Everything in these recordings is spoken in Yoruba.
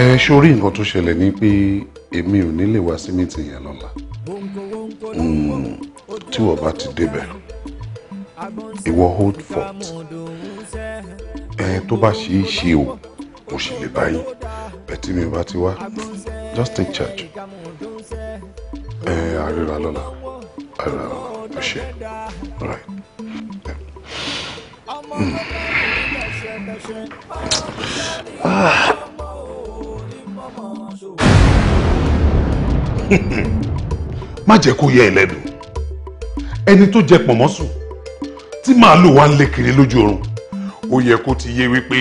ẹ sórí nǹkan tó ṣẹlẹ̀ ni pé èmi ò ní lè wá sí mítìn yẹn lọ́la hmm, tí wọ́n bá ti débẹ̀ ìwọ hold fort ẹ tó bá ṣe é ṣe o mo sì lè báyìí bẹ̀tí mi ò bá ti wá just take charge ẹ àríra lọ́la àríra lọ́la ó ṣe right. Mm. Ah. má jẹ́ kó yẹ ẹ lẹ́nu ẹni tó jẹ pọ̀nmọ́ sùn tí màálù wa ń lé kiri lójú oorun ó yẹ kó ti yé wípé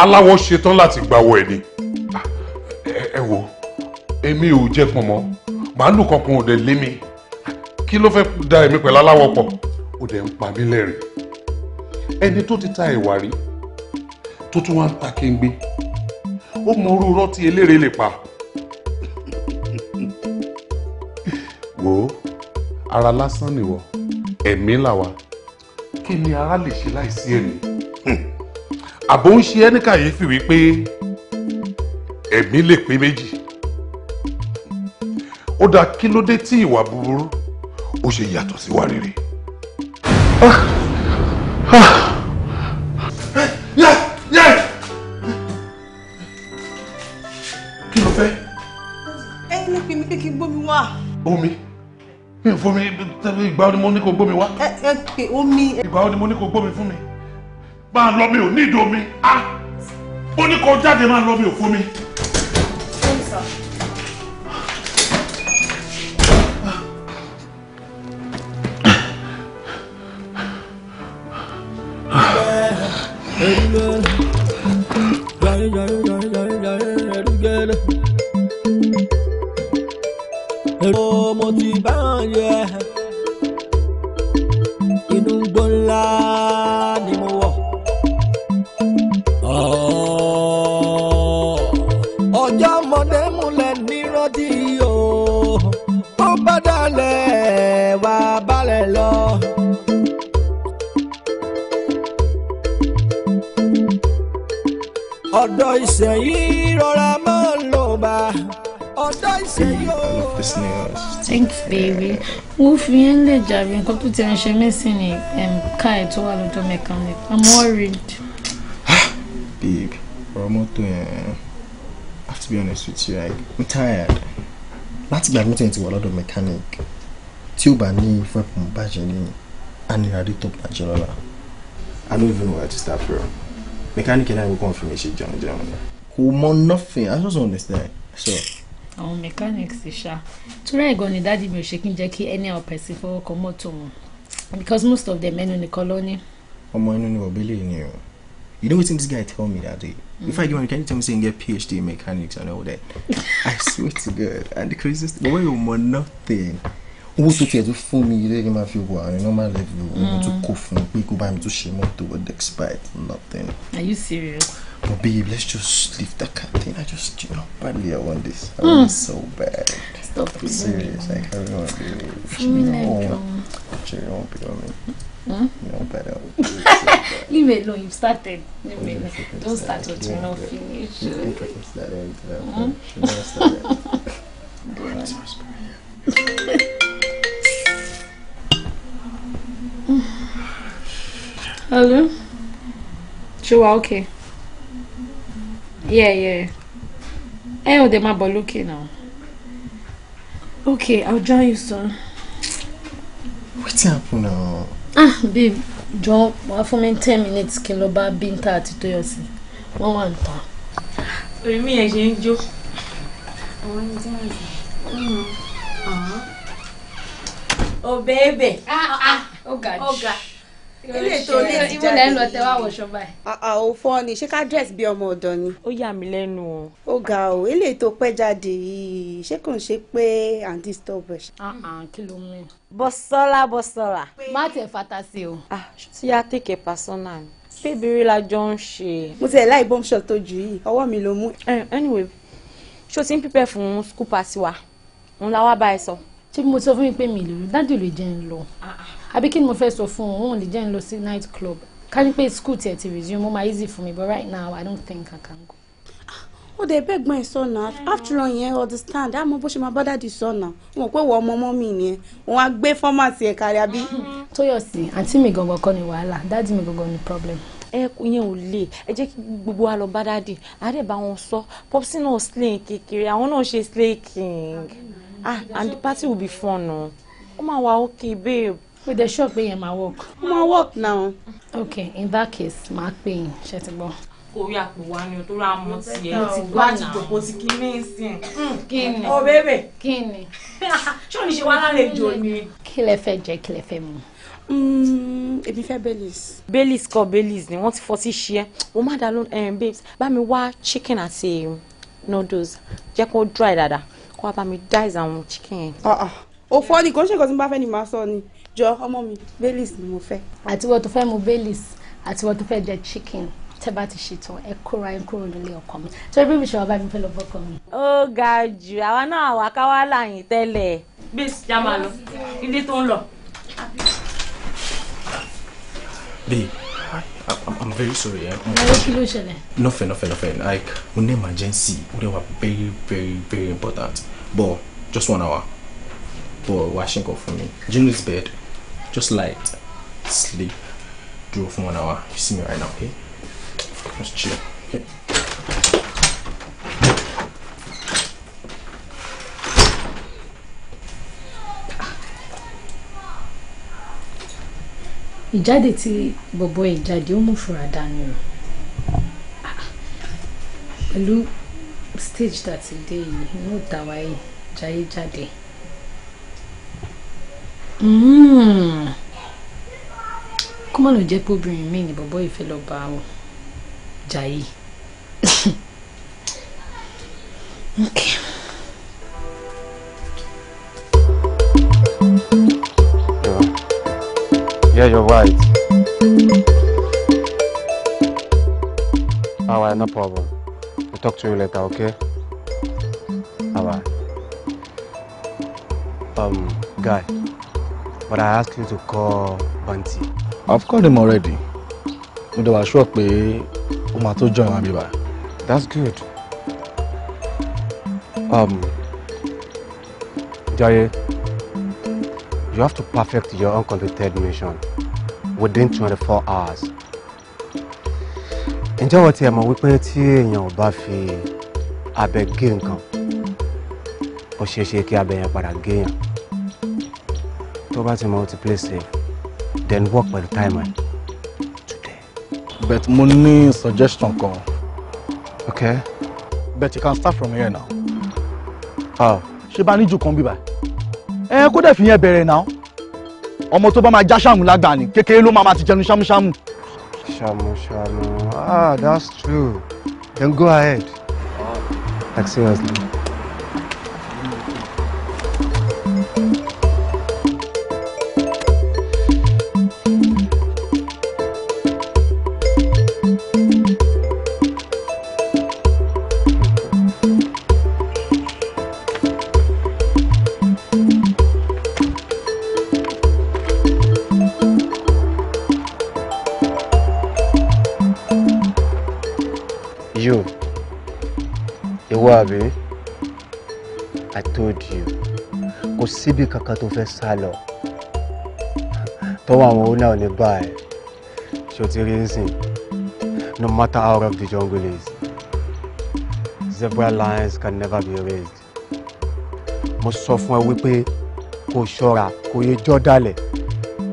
aláwọ̀ ṣetán láti gbàwọ̀ ẹ̀ ni ah, ẹ wo èmi ò jẹ pọ̀nmọ́ màálù kankan ò dẹ̀ lé mi kí ló fẹ́ da èmi pẹ̀lú aláwọ̀ pọ̀ ó dẹ̀ ń pa mí lẹ́rìn ẹni tó ti ta ẹ̀wà rí tó tún wá ń ta kéńgbé ó mọ orú irọ́ tí eléré lè pa. wò ó ara lásán nìwọ ẹ̀mí làwa kí ni ara lè ṣe láìsí ẹ̀mí àbò ń ṣe ẹ́ ní kàyéfì wípé ẹ̀mí lè pé méjì ó dáa kí ló dé tí ìwà burúkú ó ṣe yàtọ̀ sí wa rere. ah ah. wà. omi mi ò fomi ìgbà wo ni mo ní kó gbómi wá. ẹ ẹ pè omi. ìgbà wo ni mo ní kó gbómi fún mi máa lọ mi ò ní ìdó mi á mo ní kó jáde máa lọ mi ò fomi. Amen. fi yẹn lè jàre nǹkan tó ti ń ṣe ni um, ká ẹ̀ tó wà lọ́jọ́ mechanic i'm worried. Ah, babe ọ̀rọ̀ mọ́tò yẹn i have to be honest with you like, i'm tired láti gbàgbé tẹ̀ ti wà lọ́dọ̀ mechanic tí ó bá ní fẹ́pọ̀n bàjẹ́ ní aniradé tó bàjẹ́ lọ́la. i don't even know where to start from mechanic náà wọ́n kàn fi mi ṣe jẹun jẹun. kò mọ nothing i just don't understand. So, àwọn mechanics ṣá torí ẹ̀ gan ni dáàdi mi ò ṣe kí n jẹ́ kí any our person fọwọ́ kan mọ́tò wọn because most of them ẹnu nìkan ló ní. ọmọ inú ni bọ̀bí lè ní o you know wetin this guy tell me that day if i give am can you tell me say he get phd in mechanics and all that i swear to god and the craziest thing wey o mọ nothing owó tó tiẹ̀ tó fún mi ilé ni máa fi wà ní normal level ohun tó kò fún mi pé kó bá mi tó ṣe mọ́tò but despite nothing. are you serious babe, let's just leave that kind I just, you know, badly I want this. I want mm. so bad. Stop I'm serious. Like, I really want to be with you. No. Jerry won't be on me. Hmm? You know leave it alone. You've started. Leave me alone. Don't start what you're hmm? not finished. start Hello? She okay yeah yeah Eh, ò dé máa bọ̀ lókè náà okay I'll join you soon. What's happen now. Uh? ah babe jọ wá fún mi ten minutes kí n lọ bá Bínta to Tóyọ̀sí wọ́n wà ń tàn. orí mi yẹn ṣe ń jó. àwọn ẹni tí wọ́n ń o bẹ́ẹ̀ bẹ́ẹ̀. ah ah ọ̀gá. Ah. ọ̀gá ilé ètò ilé ìjáde ibo lẹ́nu ọ̀tẹ̀ wà wọ̀ṣọ báyìí. àwọn fọ́ ni ṣé ká dress bí ọmọ ọ̀dọ́ ni. ó yà mí lẹ́nu o. ó ga o ilé ètò pẹ́ jáde yìí ṣé kò ń ṣe pé à ń disturb ẹ̀. Ah, ah, kí ló mú un. Bọ́sọ́lá Bọ́sọ́lá. má tẹ̀ fata sí o. tí ah. a tèké pàṣọ́nà ni bébìrì la jọ ń ṣe. mo ti ẹ̀ láì bọ́mṣọ̀ tó jù yìí ọwọ́ mi ló mú. Eh, anyway ṣó ti ń pípẹ́ fún school pass wa òun la wá bá ẹ sọ. ṣé mo sọ fún mi pé mi lè rí dájú lè jẹun lọ àbí kí ni mo fẹ́ sọ fún un òun ò lè jẹ́ ń lọ sí night club ká ní pé school tiẹ̀ ti resume ó máa easy for me but right now I don't think I can go. ó dé beg gbọ́n ìsọ náà after all yẹn understand àmọ́ bó ṣe máa bá dàdí sọ náà wọn pé wọ́n ọmọ ọmọ mi nìyẹn wọn á gbé fọ́màtì ẹ̀ kárí abí. tóyọ̀sí àǹtí mi gangan kọ́ ni wàhálà dáàdì mi gangan ni problem ẹ yẹn ò lè ẹ jẹ́ kí gbogbo wa lọ bá dáàdì àárẹ̀ bá wọn sọ popsi náà slay kékeré àwọn náà ṣe slay king ah and the party will be fun o ó máa wà okay babe. With the shop being my work. my work now. Okay, in that case máa pè yín ṣe ti gbọ́. orí àpò wa ni o tó ra mọ tiẹ̀ ó ti gbọ́ náà. láti dòpò ti kí ní ìsìn. Hmm, kí ni o oh, bébè. kí ni. ṣé o ní ṣe wá lálejò ni. kí lẹ fẹ́ jẹ kí lẹ fẹ́ mu hmm, èmi fẹ́ baileys. baileys kọ baileys ni wọ́n ti fọ́ sí ṣe é wọ́n má dá eh, babes bá mi wá chicken àti noodles jẹ́ kó dry dada. kó wá bá mi dice àwọn chicken yẹn. ọ̀ọ́ ah, ah. òfò ni kò ń ṣe nǹkan tí mo bá fẹ́ ni màá sọ ni jọ ọmọ mi baileys ni mo fẹ́. àtiwọ́ tó fẹ́ mu baileys àtiwọ́ tó fẹ́ jẹ chicken tẹ́ bá ti ṣètò ẹ kóra ẹ kúrò nílé ọkọ mi torí bí mi ṣe wà bá mi fẹ́ lọ bọ́kọ mi. ó ga jù àwa náà wà ká wá láàyè tẹ́lẹ̀. bíis já máa lọ ilé tó ń lọ. babe I'm very sorry. Eh? kí ló ṣẹlẹ̀. nothing nothing nothing like mo ní emergency ó dẹ̀ wà very very very important but just one hour but wàá ṣe nǹkan fún mi do you know bed. Just light, sleep, do for one hour. You see me right now, okay? Just chill, okay? ìjáde tí bọ̀bọ̀ ìjáde ó mú fura dání o pẹ̀lú stage tá a ti dé yìí inú ìdáwáyé jáyé jáde. Mmm. kó má lọ jẹ́ pé obìnrin mi ni bọ̀bọ́ ìfẹ́ lọ bá wọn jà okay. Yeah, you're right. Alright, ah, no problem. We'll talk to you later, okay? Alright. Um, guy. But I asked you to call Banti. I've called him already. but dẹ̀ wá sọ pé ó máa tó join wa bíbá. That's good. Um, Jaye, you have to perfect your uncompleted mission within 24 hours. Ǹjẹ́ wọ́n ti ẹ̀ mọ̀ wípé tí èèyàn ò bá fi abẹ gé nǹkan, ó ṣeé ṣe kí abẹ yẹn padà gé yàn tó bá ti mọ ti safe then work by the timer. today. but money suggestion call. okay. but you can start from here now. how. ṣé bá níjù kan bíbá ẹ kó dẹ̀ fi yẹn bẹ̀rẹ̀ now. ọmọ tó bá máa já ṣàmù lágbàá ni kékeré ló máa máa ti shamu. Shamu shamu. ṣàmù ah that's true then go ahead. like seriously. síbi kankan tó fẹ́ sá lọ tọ́wọ́ àwọn owó náà bá ẹ̀ ṣó ti rí nsìn no matter how rough the jungle is zebra lines can never be raised mo sọ fún ẹ wípé kò ṣọ́ra kò yẹ jọ́ dalẹ̀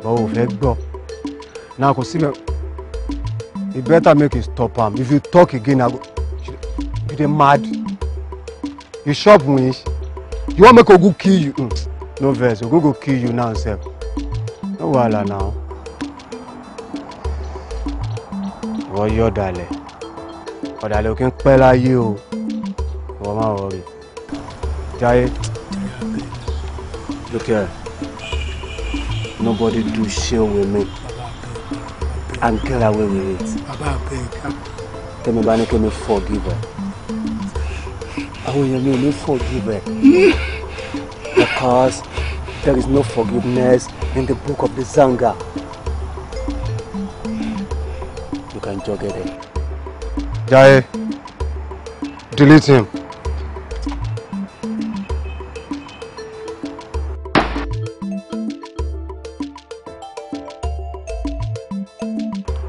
bọ́ ò fẹ́ gbọ́ náà kò síbẹ̀ you better make you stop am if you talk again i go you dey mad you chop wish you wan make ogun kill you. Mm no vex we go go kill you now sef no wahala now ìwọ yí ọ̀dàlẹ̀ ọ̀dàlẹ̀ òkè ń pẹ́ láyé o ìwọ máa wọ̀ rí look here nobody do share with me and kill away with it tẹ́mi bá ní kí mi forgive ẹ àwọn èèyàn mi ò forgive ẹ. because there is no forgiveness in the book of the Zanga. You can jog it. Jai, delete him.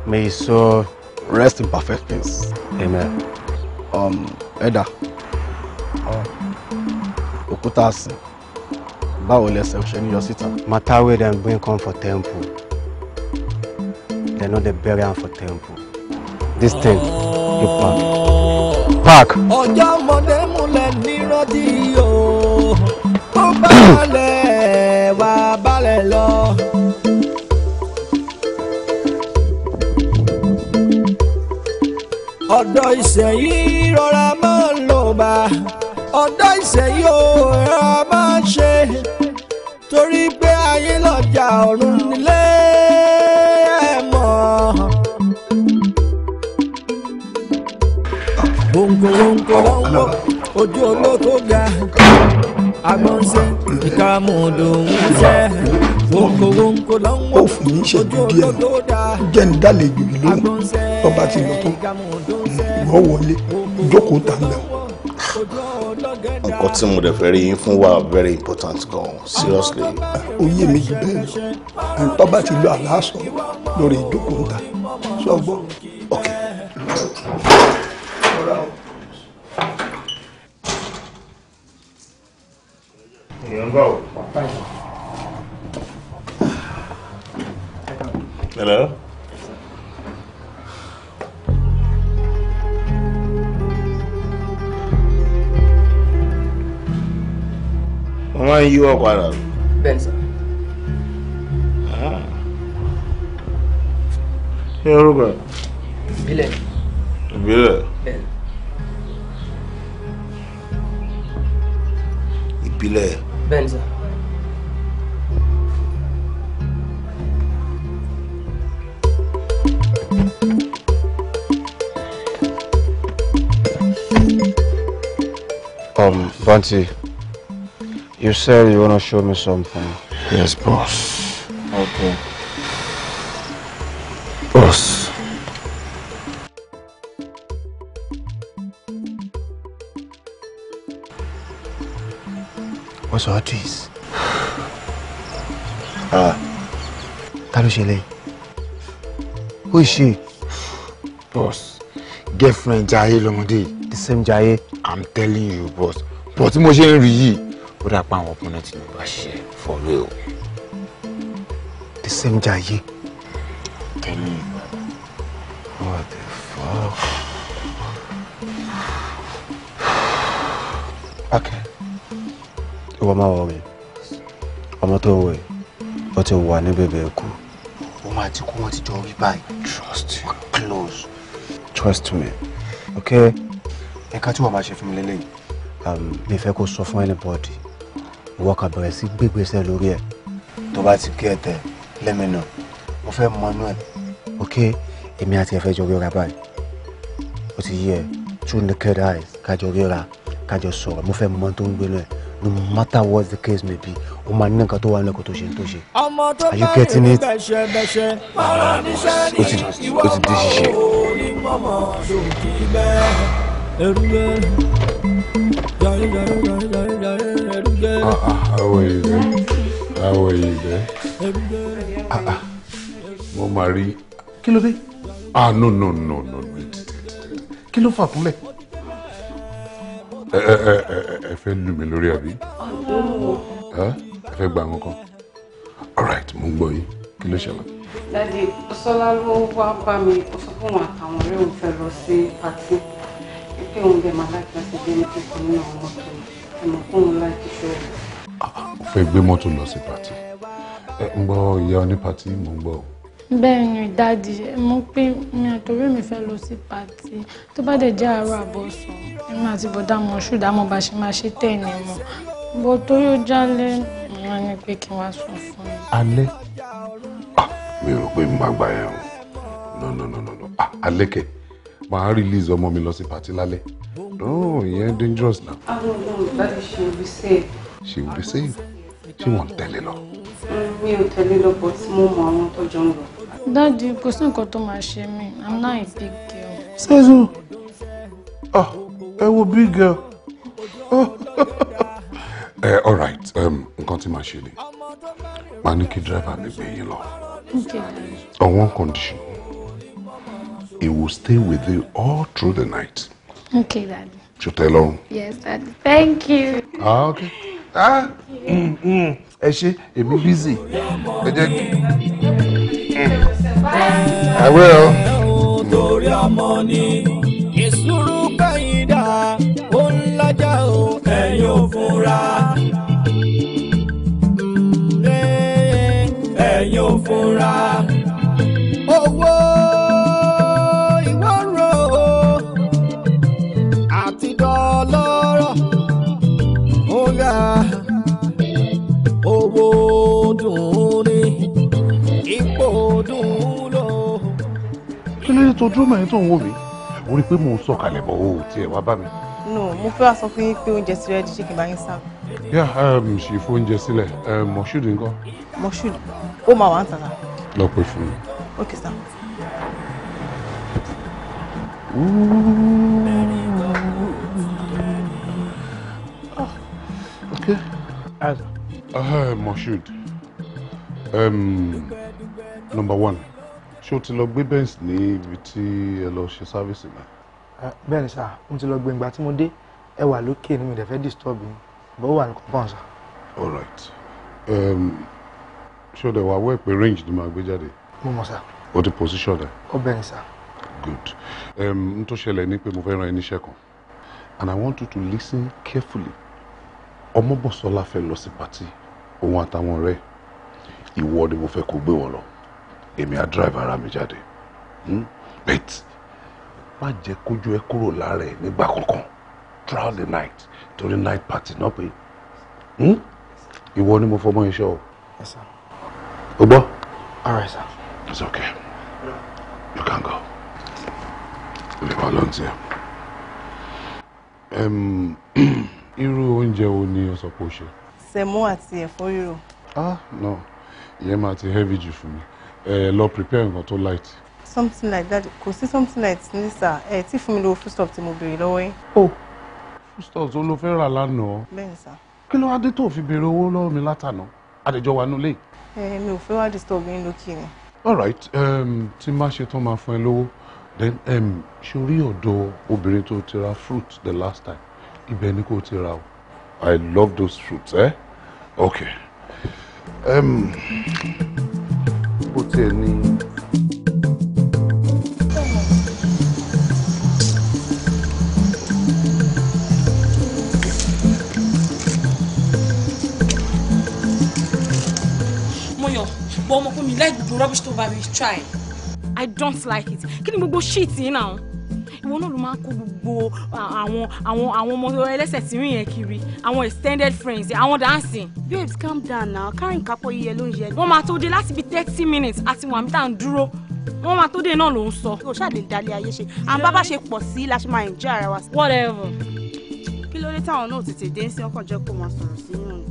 May his soul rest in perfect peace. Amen. Um, Edda. Uh, Okuta Asin báwo lẹsẹ̀ ṣe ní síta. matter wey dem bring come for temple dem no dey bury am for temple this thing dey pack. pack. ọjọ́ ọmọdé múlẹ̀ nírọ́jì o tó bá balẹ̀ wá balẹ̀ lọ. ọ̀dọ̀ ìṣẹ̀yí rọra máa ń lò bá ọ̀dọ̀ ìṣẹ̀yí ò rọra máa ń ṣe torí pé ayé lọ́jà ọ̀run nílé ẹ̀ mọ̀. gbòǹgbò gbòǹgbò lọ́wọ́ ojú olóko ga agbọ̀nsẹ̀ ìkààmú lòún sẹ́ gbòǹgbò gbòǹgbò lọ́wọ́ ojú olóko da jẹ́ ń dálé gbìgbì lóhùn ọba ti lọ tán ìwọ wọlé jókòó tàǹgbà nǹkan tí mo dẹ̀ fẹ́ rí yín fún wa very important gan seriously. ó yé mi jù bẹ́ẹ̀ lọ ẹni bá ti lo àlàásọ lórí ìjókòó ta sọ gbọ́. ok. èèyàn bá ń yíwọ́ padà. bẹ́ẹ̀ni sà. Ah. kí ni orúkọ rẹ. ìbílẹ̀. ìbílẹ̀. bẹ́ẹ̀ni. ìbílẹ̀. bẹ́ẹ̀ni sà. Um, Banti, You said you want to show me something. Yes, boss. Okay. Boss. What's all this? Ah. Ta ló Who is she? Boss, girlfriend Jaiye lọmọdé. The same Jaiye? I'm telling you, boss. But mo ṣe ń rí ó dà àwọn ọkùnrin ti lùbà ṣe for real. the same jayé. tẹ́lẹ̀ what the fuck. akẹ́ ìwọ máa wọ mi ọmọ tó ń wẹ̀ ó ti wà ní bèbè ẹ̀kú. ó máa ti kú wọn ti jọ rí báyìí. trust me. close. trust me. okay. ẹ̀ka tí wọ́n máa ṣe fún mi lélẹ́yìn. Um, mi fẹ́ kó sọ fún anybody ìwọ kà bẹ̀rẹ̀ sí gbégbèsè lórí ẹ̀ tó bá ti kí ẹ tẹ lẹ́mìnà mo fẹ́ mọ inú ẹ̀. ok èmi àti ẹ fẹ́ jọ ríra báyìí ó ti yẹ two naked eyes kájọ ríra kájọ sọ̀rọ̀ mo fẹ́ mọ tó ń gbénu ẹ̀ no matter what the case may be o máa ní nǹkan tó wà lẹ́kọ̀ọ́ tó ṣe tó ṣe. ọmọ tó bá yẹ ní bẹ́sẹ̀bẹ́sẹ̀ ọ̀rọ̀ níṣẹ́ ni ìwọ kọ́ òní mọ́mọ́ sókè bẹ́ẹ̀. Ah, ah, how are you there? How are you there? Ah, ah. Mo máa rí. Kí ló dé? Ah, no, no, no, no, no. Kí ló fà kúnlẹ̀? Ẹ ẹ ẹ ẹ fẹ́ lù mí lórí àbí? Ẹ fẹ́ gba àwọn kan? Alright, mo ń gbọ́ yín. Kí ló ṣẹlẹ̀? Dádì, Sọlá ló wá bá mi, ó sọ fún òun àtàwọn ọ̀rẹ́ òun fẹ́ lọ sí pàtí. Pé òun bẹ̀ máa láti lọ bí ẹni tó nínú ọmọ tó ẹ̀mọ̀ fún un láti ṣọ́ ọ. fẹ́ gbé mọ́tò lọ sí pàtì ẹ ń gbọ́ ìyá oní pàtì mò ń gbọ́ o. bẹ́ẹ̀ ni dáàdi mo pé mi àtòrí mi fẹ́ lọ sí pàtì tó bá dẹ̀ jẹ́ àárọ̀ àbọ̀sùn èmi àti bọ̀dá mọ̀ ṣùdá mọ̀ bá ṣe máa ṣe tẹ̀ ní mọ̀ bó tó yóò jálẹ̀ mo ní pé kí wọ́n sọ fún mi. alẹ́ ah, mi rò pé màá gbà yẹn o no no no no ah, alẹ́ kẹ̀ máa release ọmọ mi lọ sí pàtì lálẹ́ Oh, yeah, dangerous now. I don't know. Daddy, she will be safe. She will be safe. She won't tell you, all. Mi ò tẹ̀lé lọ, but mo mọ àwọn tó jọ Daddy, kò sí nǹkan tó máa ṣe I'm not a big girl. Sẹ́sù. Oh, ah, ẹ wo big girl. Ẹ eh, all right, Um, continue màá ṣe ni. driver ní be dírẹ́fà mi Okay. On one condition, he will stay with you all through the night. Okay, Daddy. Ṣé tẹ́ lọ́rùn? Yes, Daddy. Thank you. Ah, okay. Ah, mm, mm. ẹ ṣe èmi busy. Ẹ jẹ́ kí. Mm. I will. Torí ọmọ ni ìṣúrù kẹ́yìn dá, ó ń lájà o, ẹ̀yin ò fúnra. Eh, ẹ̀yin ò fúnra. ló dé tó dúró mẹ́rin tó ń wò mí mo rí i pé mò ń sọ̀kalẹ̀ bọ̀ o tiẹ̀ wá bá mi. no mo fẹ́ wá sọ fún yín pé oúnjẹ ti rẹ́ẹ̀dì ṣé kí n bá yín sáà. yá ṣì um, fún oúnjẹ sílẹ̀ mọ̀ṣúd nǹkan. mọ̀ṣúd ó máa wà ń tàtà. lọ pè fún mi. ok sir. ok. Uh, mọ̀ṣúd um, number one ṣé o ti lọ gbé benz ní ibi tí ẹ lọ ṣe sáfíìsì mi. bẹ́ẹ̀ ni sà mo ti lọ gbé ìgbà tí mo dé ẹ wà lókè ni mi dẹ̀ fẹ́ disturb yín bó wà ní compound all right um, ṣé o dẹ̀ wá wẹ́ pé range ni màá gbé jáde. mo mọ̀ sà. o ti position rẹ. ó bẹ́ẹ̀ ni good um, n tó ṣẹlẹ̀ ni pé mo fẹ́ ran ẹ níṣẹ́ kan and i want you to listen carefully ọmọbọ̀sọ́lá fẹ́ lọ sí pàtí òun àtàwọn ọ̀rẹ́ ìwọ ni mo fẹ́ kó gbé wọn lọ èmi á drive ara mi jáde hmm? bet má jẹ́ kójú ẹ kúrò lára ẹ nígbà kankan throughout the night torí night party náà pé hmm? ìwọ ni mo fọmọ iṣẹ́ o. o gbọ́. all right sir. it's okay you can go. olè wa ló ń tiẹ̀. irú oúnjẹ wo ni o sọ pé o ṣe. sẹ̀mó àti ẹ̀fọ́ rírò. ah no ìyẹn máa ti heavy jù fún mi ẹ lọ prepare nǹkan tó light. something like that kò sí something light ní sà ẹ tí fún mi lówó food stuff tí mo béèrè lọ́wọ́ yín. o oh. food stuff tó ló fẹ́ rà lánàá. bẹ́ẹ̀ sà. kí ló wá dé tó fi béèrè owó lọ́wọ́ mi látànà àdèjọ wa nulẹ̀. ẹ mi ò fẹ́ wá disturb yín lókè ni. alright um, tí má ṣe tán máa fún ẹ lówó then um, ṣe orí ọ̀dọ̀ obìnrin tó ti ra fruit the last time ibẹ̀ ni kò ti ra o. I love those fruits, eh? Okay. Um, kó tiẹ̀ ní. Mọ́yọ̀ bọ́ ọmọ fún mi láì gbogbo rubbish tó bá mi try. I don't like it. Kí ni gbogbo shit yìí náà? wọn náà ló máa kó gbogbo àwọn àwọn àwọn ọmọ ẹlẹ́sẹ̀ tí rìn yẹn kiri àwọn extended friends àwọn dancing. babes calm down now kárìn kápọ̀ yíyẹ ló ń yẹ. wọ́n máa tó dé láti bíi thirty minutes àti wàmí tá à ń dúró wọ́n máa tó dé náà ló ń sọ. o ṣáà lè dalẹ̀ ayé ṣe àwọn bábá ṣe pọ̀ sí la ṣe máa ń jẹ́ ara wa. whatever. kí ló dé táwọn náà tètè dé sí ọkàn jẹ́ kó máa sọ̀rọ̀ sí yín.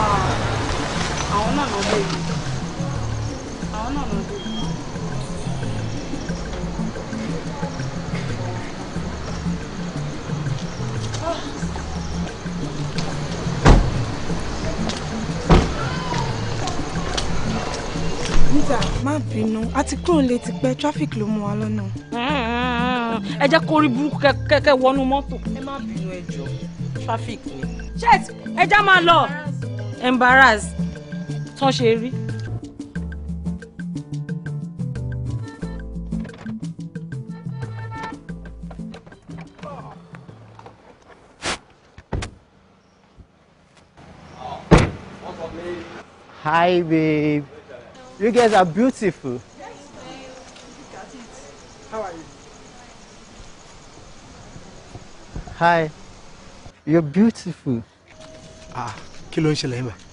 Ah àwọn náà náà bèèrè àwọn náà náà bèèrè. níta má bínú a ti kúrò lé tipẹ́ traffic ló mú wa lọ́nà. ẹ jẹ́ kó rí burúkú kẹ́kẹ́ wọnú mọ́tò. ẹ má bínú ẹ jọ̀ọ́ traffic ni. ṣé ẹ já máa lọ embarrassed tán ṣe rí. Hi, babe. You guys are beautiful. Look at it. How are you? Hi. You're beautiful. Ah, kilo ló ń ṣẹlẹ̀ yín báyìí?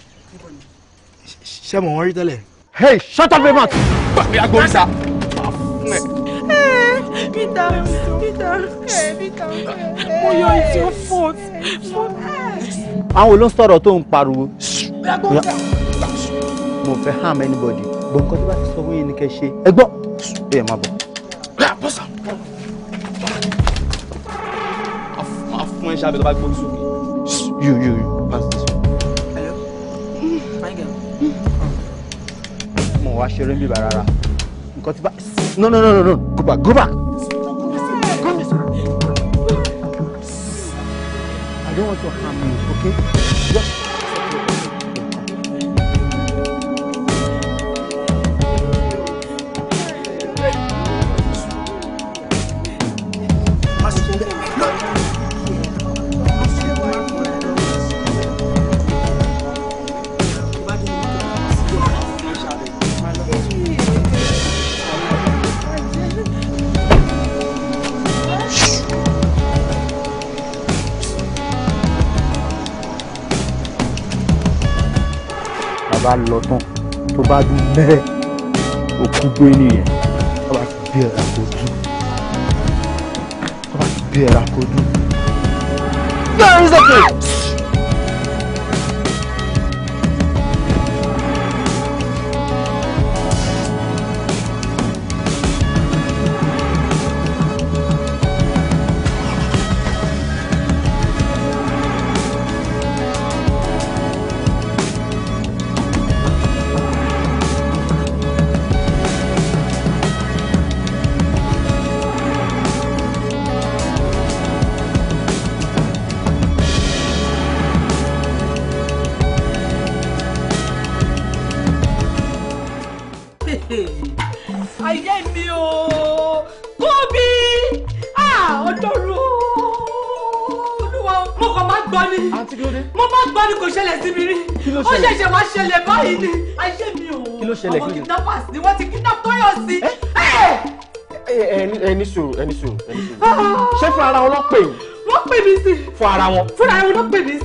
ṣé mo wọ́n rí tẹ́lẹ̀. hey shut up raymond. bàbá àgbo ìta. peter peter peter mo yọ ìtì ó fò ó. àwọn olóń sọ̀rọ̀ tó ń pariwo. mo fẹ́ harm anybody gbọ́n kọ́ tó bá ti sọ fún yín ni kẹ́ ṣe ẹ gbọ́ ẹ má bọ̀. máa fún ẹ ṣáà bí lọ́ba gbórí sókè. yóò yóò yóò. wá ṣeré ń bíbà rárá nǹkan ti bá no no no no no go back go back. Go. I don't want to harm you, okay? Just bá lọ tán tó bá dún mẹ́rẹ̀ òkú gbé nìyẹn tó bá ti bí ẹ̀rà kò dùn bá ti bí ẹ̀rà kò ṣẹlẹ̀ sí mi rí ó ṣẹ̀ṣẹ̀ wá ṣẹlẹ̀ báyìí ni ayé mi ò àwọn kidnappers ni wọ́n ti kidnap Tóyọ̀sí. Eh? Eh! Eh, ẹni sùúrù ẹni sùúrù ẹni sùúrù ah! ṣé fún ara wọn ló pè yìí wọ́n pè mí sí. fún ara wọn. fún ara wọn ló pè mí sí.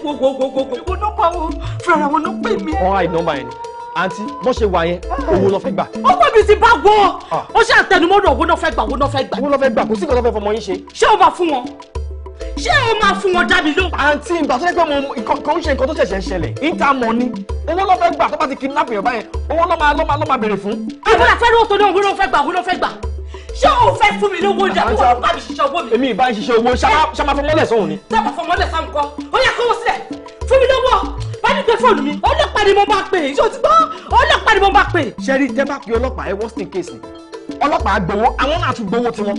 gbogbogbogbogbò ìwọ ló pa wọn fún ara wọn ló pè mí. wọn á ìnọmba yẹn ni àǹtí bó ṣe wà yẹn ah! owó ló fẹ́ gbà. ó pè mí sí bá gbọ́ ah! ó ṣe àtẹnumọ́dọ̀ owó ló fẹ́ gbà owó ló fẹ́ gbà. owó ló fẹ́ gbà kò sí nǹkan tó fẹ́ ṣé o máa fún wọn dábì ló. àǹtí ìgbà tó yẹ pé mo kò ń ṣe nǹkan tó ṣẹ̀ṣẹ̀ ń ṣẹlẹ̀ níta mọ̀ ni owó ló fẹ́ gbà tó bá ti kidnap yàn báyẹn owó ló máa ló máa ló máa béèrè fún. àbúrò àfẹ́rẹ́ òtò náà owó ló fẹ́ gbà owó ló fẹ́ gbà ṣé o fẹ́ fún mi lówó ọjà tó wà bá mi ṣiṣẹ́ owó mi. èmi ìbá ń ṣiṣẹ́ owó ṣáma fọmọlẹ̀ sọ̀hún ni. dábàá fọmọlẹ̀ sá nǹkan ó yẹ kó o sílẹ̀ fún mi lówó bá mi pè fóònù mi ọlọ́pàá ni mo máa pè ṣé o ti gbọ́ ọlọ́pàá ni mo máa pè. ṣẹ́rí tẹ́ bá pe ọlọ́pàá ẹ worst in case ni ọlọ́pàá gbowó àwọn náà tún gbowó tiwọn.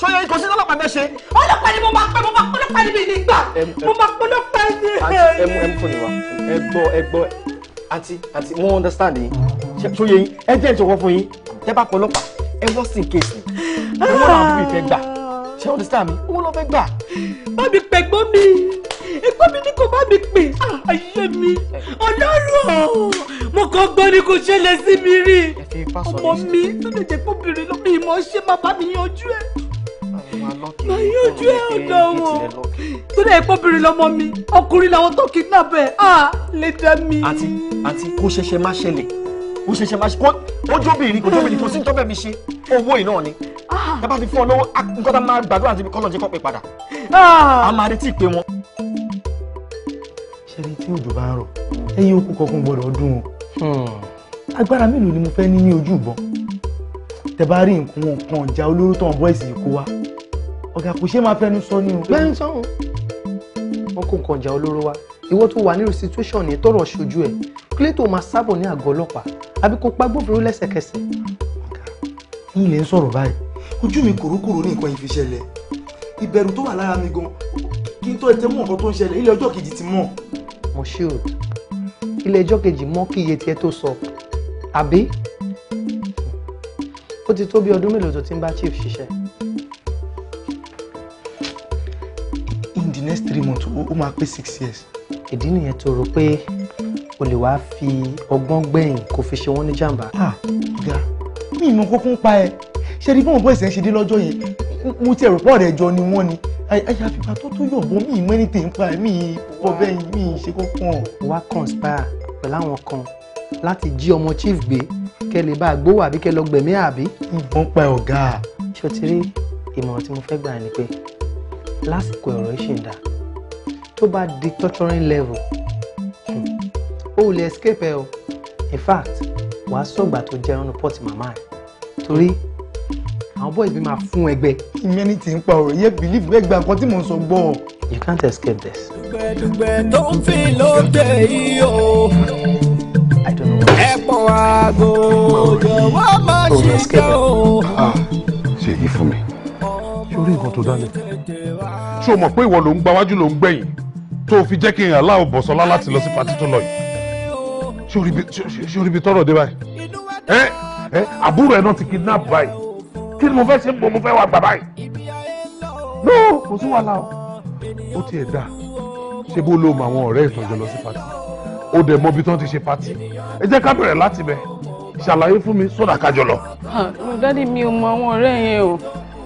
sọyẹ kò sí ọlọ́pàá bẹ́ẹ̀ ṣe. ọlọ́pàá ni mo máa pẹ́ mo máa pẹ́ ọlọ́pàá níbi ìdígbà mo máa pẹ́ ọlọ́pàá ní. ẹ mú ẹ mú fóònù wa ẹ gbọ́ ẹ gbọ́ àti àti wọ́n understand yín sọyẹ yín ẹ jẹ́ ìjọwọ́ fún yín tẹ́ bá pọ̀ ọlọ́pàá ẹ wọ́n sì ń kéèsì ẹ wọ́n làwọn bí ìfẹ́ gbà ṣe understand mi owó ló fẹ́ gbà. bá mi pẹ̀ gbọ́ mi ẹ̀gbọ́n mi ní kò bá mi pè ah, ayé mi ọlọ́run mo kàn gbọ́ ni kò ṣẹlẹ̀ sí mi rí ọmọ mi tó lè jẹ́ kóbìnrin lórí ìmọ̀ ṣé má bá mi yanjú ẹ̀ má yanjú ẹ̀ ọ̀dọ̀ wọn tó lè kóbìnrin lọ́mọ mi ọkùnrin làwọn tó kidnap ẹ̀ á lè dá mi. àǹtí àǹtí kó ṣẹ̀ṣẹ̀ má ṣẹlẹ̀ kó ṣẹ̀ṣẹ̀ má ṣẹlẹ̀ kó jóbìnrin kò jóbìnrin kò sí jọ́bẹ̀ mi ṣe owó ìnáà ni ẹ bá ti fún ọ lọ́wọ́ nǹkan tá a máa gbàdúrà síbi kọ́lọ́ọ̀jì kọ́ pé padà a máa retí ìpè wọn. ṣe ni tí òjò bá ń rọ ẹyin okùn kọkùn gbọ́dọ̀ dùn o Hmm. agbára mélòó ni mo fẹ́ ní ní ojú ìbọn tẹ bá rí nǹkan nǹkan ọjà olóró tán bọ́ìsì kó wa ọ̀gá kò ṣe máa fẹnu sọ ni o. fẹ́ẹ́ sọ wọn kó nǹkan ọjà olóró wa ìwọ tó wà nírú situation yẹn tọrọ ṣojú ẹ clayton máa sábọ̀ ní àgọ́ ọlọ́pàá àbí kó pa gbófinró lẹ́sẹ̀kẹsẹ̀. yín lè ń sọ̀rọ̀ báyìí. ojú mi kòrókòrò ní nǹkan ìfi ṣẹlẹ̀ ìbẹ̀rù tó wà lára mi gan kí n tó ẹ tẹ́ mọ́ nǹkan tó ń ṣẹlẹ̀ ilé ọjọ́ kejì ti mọ̀. Moshood ilé kejì mọ́ kí iye tiẹ̀ tó sọ àbí ó ti tó bí ọdún mélòó tó ti ń bá chief ṣiṣẹ́. in the next three months ó máa pé six years. ìdí nìyẹn tó rò pé o lè wáá fi ọgbọ́n gbẹ̀yìn kó fi ṣe wọ́n ní jàǹbá. ah ọ̀gá mi ìmọ̀ kókó ń pa ẹ ṣe rí bọ́ọ̀bọ́ ìṣẹ́ ṣe dé lọ́jọ́ yẹn mo ti ẹ̀rọ pọ̀ rẹ̀ jọ ni wọ́n ni àyàfi ìgbà tó tó yọ̀bọ mi ìmọ̀ ẹni tèmi pa mi ìbọ̀ bẹ́ẹ̀ mi ìṣe kankan. wá conspire pẹ̀lú àwọn kan láti jí ọmọ chief gbé kẹ́ lè bá a gbówó àbí kẹ́ lọ gbẹ̀mí àbí. ìbọn pa ọ̀gá. ṣòtírí ìmọ̀ràn tí mo fẹ́ gbà ni pé lásìkò ọ̀rọ̀ yìí ṣì ń dà tó bá di torturing level ó lè escape ẹ o in fact wàá sọ̀gbà tó jẹun ní pọ́ọ̀tì màmá rẹ̀ torí. Mm -hmm àwọn boys bí máa fún ẹgbẹ́. ìmẹ́ni ti ń pa ọ̀rọ̀ yẹ bìlíf ẹgbẹ́ àkọ́ tí mò ń sọ gbọ́. you can't escape this. dùgbẹ̀dùgbẹ̀ tó ń fi lóde yìí o. ẹ̀pọ̀ àgò jọ̀wọ́ máa ṣiṣẹ́ o. Ah, ṣe èyí fún mi sórí nǹkan tó dání ṣé o mọ̀ pé ìwọ ló ń gbáwájú ló ń gbẹ̀yìn tó o fi jẹ́ kí n aláwọ̀ bọ̀sọ́lá láti lọ sí pátí tó lọ yìí ṣé o rí ibi tọ́rọ̀ dé báyìí ẹ ẹ àbúrò ẹ náà ti kidnap báyìí kí ni mo fẹ́ ṣe ń bo mo fẹ́ wà gbà báyìí no kò sí wàhálà o ó tiẹ̀ dáa ṣé bó ló mọ àwọn ọ̀rẹ́ ìtọ́jọ lọ sí pati ó dẹ̀ mọ ibi tí wọ́n ti ṣe pati ẹ jẹ́ ká bẹ̀rẹ̀ láti bẹ̀ ṣàlàyé fún mi sódà kájọ lọ. dádì mi ò mọ àwọn ọ̀rẹ́ yẹn o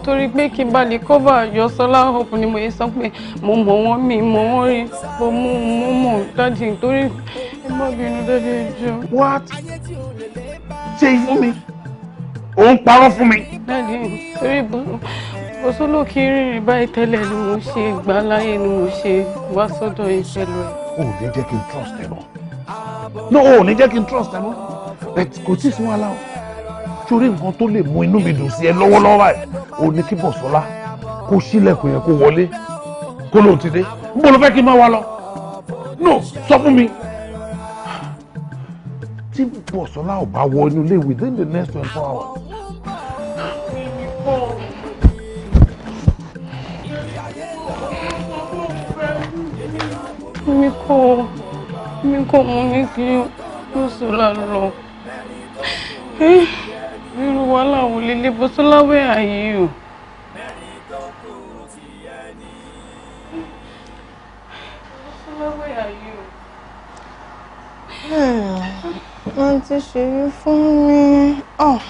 torí pé kí n bá lè kọ́bà yọsọ́lá hope ni mo yẹ sọ pé mo mọ̀ wọ́n mi mọ̀ wọ́n rí mo mú mo mọ̀ dádì torí ẹ má bínú dádì ẹ jọ. what ṣe ìfún ò ń parọ́ fún mi. dáàdi torí bó sólò kí rírì báyìí tẹ́lẹ̀ ni mo ṣe gbà láyé ni mo ṣe wá sọ́dọ̀ yìí pẹ̀lú ẹ̀. o ò ní jẹ́ kí n trust ẹ mọ́ no o ò ní jẹ́ kí n trust ẹ mọ́ but kò tí ì sí wàhálà o torí nǹkan tó lè mú inú mi dùn sí ẹ lọ́wọ́lọ́wọ́ báyìí o ní kí Bọ̀sọ́lá kó sílẹ̀kùn yẹn kó wọlé kó lóun ti dé n bò ló fẹ́ kí n máa wá lọ no sọ fún mi tí Bọ̀sọ́lá ò bá wọ inú ilé within the next twenty four hours mi kò mi kò mú mi kí Bùsọ́lá lọ eh, irú wàhálà wo lélẹ̀ Bùsọ́lá wẹ̀ ààyè o. Eh, wọ́n ti ṣeré fún mi ah,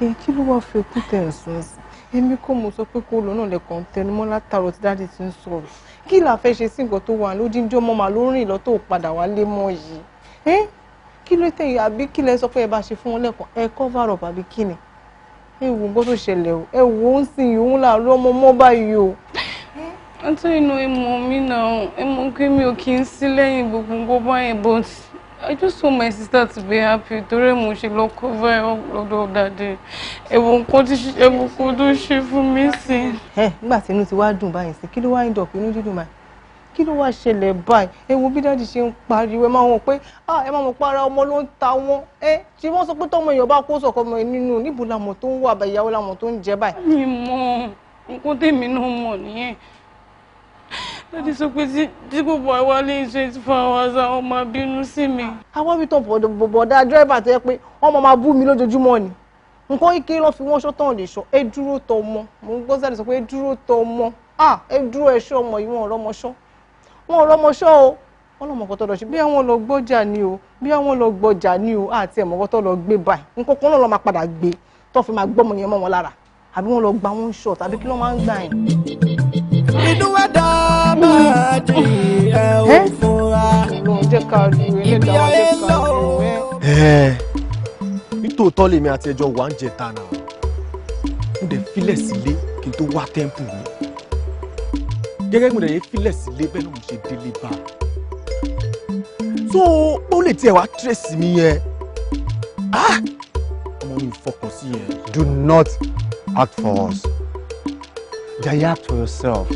èyí kí ló wàá fi òkúta ẹ̀sùn èmi kò mọ̀ sọ pé kó lọ lẹ́kọ̀ọ́ tẹnumọ́ látàrọ̀ tí dáàdì ti ń sọ̀rọ̀ kí la fẹ́ ṣe sí nǹkan tó wà lódìjọ́ mọ́ màá ló rìn lọ tó padà wá lé mọ́ yìí kí ló tẹ̀yìn àbí kí lẹ sọ pé ẹ bá ṣe fún wọn lẹ́kọ̀ọ́ ẹ cover up àbí kí ni ẹ wò nǹkan tó ṣẹlẹ̀ o ẹ wò ó ń sìn yìí òun làárọ̀ ọmọ mọ́ báyìí o. nítorí inú ìmọ̀ mi náà ìmọ̀ pé mi ò kí ń sí lẹ́yìn gbogbo gbogbo ẹ̀ bọ́ọ̀sì I just want my sister to be happy. Torí mo ṣe lọ cover ẹ lọ́dọ̀ dàdé. Ẹ̀wọ̀n kan tí ẹ̀wọ̀n kan tó ṣe fún mi sí. Ẹ nígbà tí inú ti wá dùn báyìí sí, kí ló wá ń dọ̀pọ̀ inú dídùn báyìí? Kí ló wá ṣẹlẹ̀ báyìí? Ẹ wo bí dáàdì ṣe ń pariwo ẹ máa wọ̀ pé ẹ máa mọ̀ pé ara ọmọ ló ń ta wọ́n. Ẹ tí wọ́n sọ pé tọmọ èèyàn bá kó sọ̀kọ ọmọ nínú níbo làmọ̀ tó ń wà báyìí ìyàwó làmọ̀ tó ń jẹ báyìí. Mi mọ̀ nǹkan tèmi náà mọ̀ nìyẹn. Dádì sọ pé tí kò bá wá lé twenty four hours àwọn máa bínú sí mi. Àwọn wí tán bọ̀dá dírẹ́fà tó yẹ pé wọ́n máa bú mi lójoojúmọ́ ni. Nǹkan kékeré lọ́ fi wọ́n ṣọ́tàn lè ṣọ. Ẹ dúró tọ ọmọ. Mo ń gbọ́ sáré sọ pé ẹ dúró tọ ọmọ. Ẹ dúró ẹ̀ṣọ́ ọmọ yìí wọ́n rọ́mọ Wọ́n rọ́mọ o. Wọ́n lọ́mọ kọ́tọ́ lọ ṣe bí àwọn lọ ni o. Bí àwọn lọ ni o. Àti ẹ̀mọ́ kọ́tọ́ lọ gbé báyìí. Nǹkan kan náà lọ́ máa padà gbé tó fi máa gbọ́mọ yẹn mọ́ wọn lára. Àbí wọ́n lọ gba wọn ṣọ̀ tàbí kí ló máa ń gbà yẹn. Inú ẹ̀dá máa di ẹ ò fura. ibi ayé lọ. nítòótọ́ lèmi àti ẹjọ́ wà ń jẹ ta náà mo dẹ̀ filẹ̀ sílé kí n tó wá tẹ́ǹpù mi gẹ́gẹ́ mo dẹ̀ yẹ filẹ̀ sílé bẹ́ẹ̀ ni mo ṣe délé bá a so ó lè tiẹ̀ wá tírèsì mi yẹn ah! ọmọ mi fọkàn sí yẹn. do not act for us. jaya act for yourself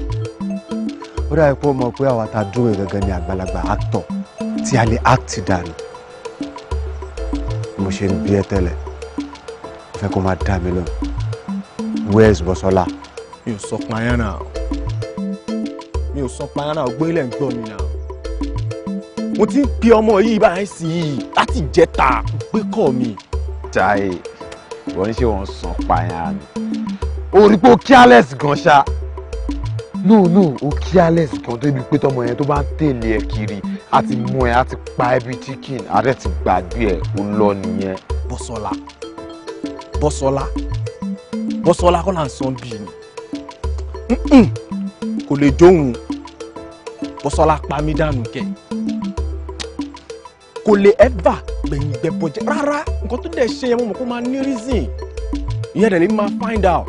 ó dàbí pé ó mọ̀ pé àwọn àtàdúró gangan ni àgbàlagbà actor tí a lè act dànù mo ṣe ń bí ẹ tẹ́lẹ̀ mo fẹ́ kó máa dá mi lọ where is Bọ́sọ́lá. mi ò sọ payán náà mi ò sọ payán náà gbé ilẹ̀ ń gbọ́ mi náà mo ti ń pe ọmọ yìí báyìí sí i láti jẹta gbé kọ́ mi. táyé wọ́n ṣe wọ́n sọ payán ni orí pé ó kí alex gan ṣáá no no o careless kan tó ibi pé tọmọ yẹn tó bá ń tẹ̀lé ẹ kiri a ti mú ẹ a ti pa ẹ bíi chicken a dẹ̀ ti gbàgbé ẹ o lọ nìyẹn. bọ́sọ́lá bọ́sọ́lá bọ́sọ́lá kọ́ là ń san bíi ni kò lè dóhùn bọ́sọ́lá pa mí dànù kẹ́ kò lè ẹ́fà gbẹ̀yìn gbẹ̀bọ̀jẹ̀ rárá nǹkan tó dẹ̀ ṣe yẹn mo mọ̀ kó máa ní reason ìyẹn dẹ̀ ní máa find out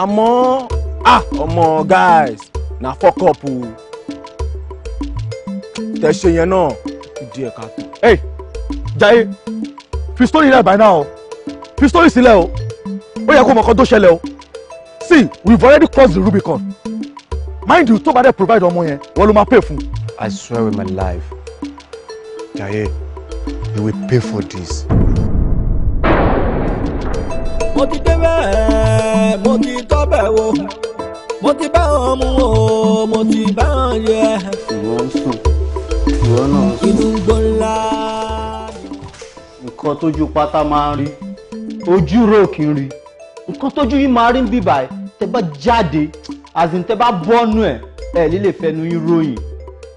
àmọ́ ah ọmọ guys na fuck up o tẹ ṣe yẹn náà kò díẹ̀ ká tó. ẹ Jaiye fi story rẹ by now o fi story sílẹ̀ o ó yẹ kó mọ̀ kan tó ṣẹlẹ̀ o see we've already crossed the Rubicon mind you tó bá dẹ̀ provide ọmọ yẹn wọ́n ló máa pay fún. I swear with my life Jaiye you will pay for this. mo ti débẹ̀ mo ti tọ́bẹ̀ wo mo ti bá wọn mu o mo ti bá wọn yẹ. ìwọ ń sùn ìwọ náà ń sùn. inú gbọ́nla. nǹkan tójú pátá máa ń rí ojú rò kì í rí nǹkan tójú yìí máa rí ń bíbà ẹ tẹ bá jáde àzìn tẹ bá bọ́nu ẹ ẹ lílè fẹnu yín ròyìn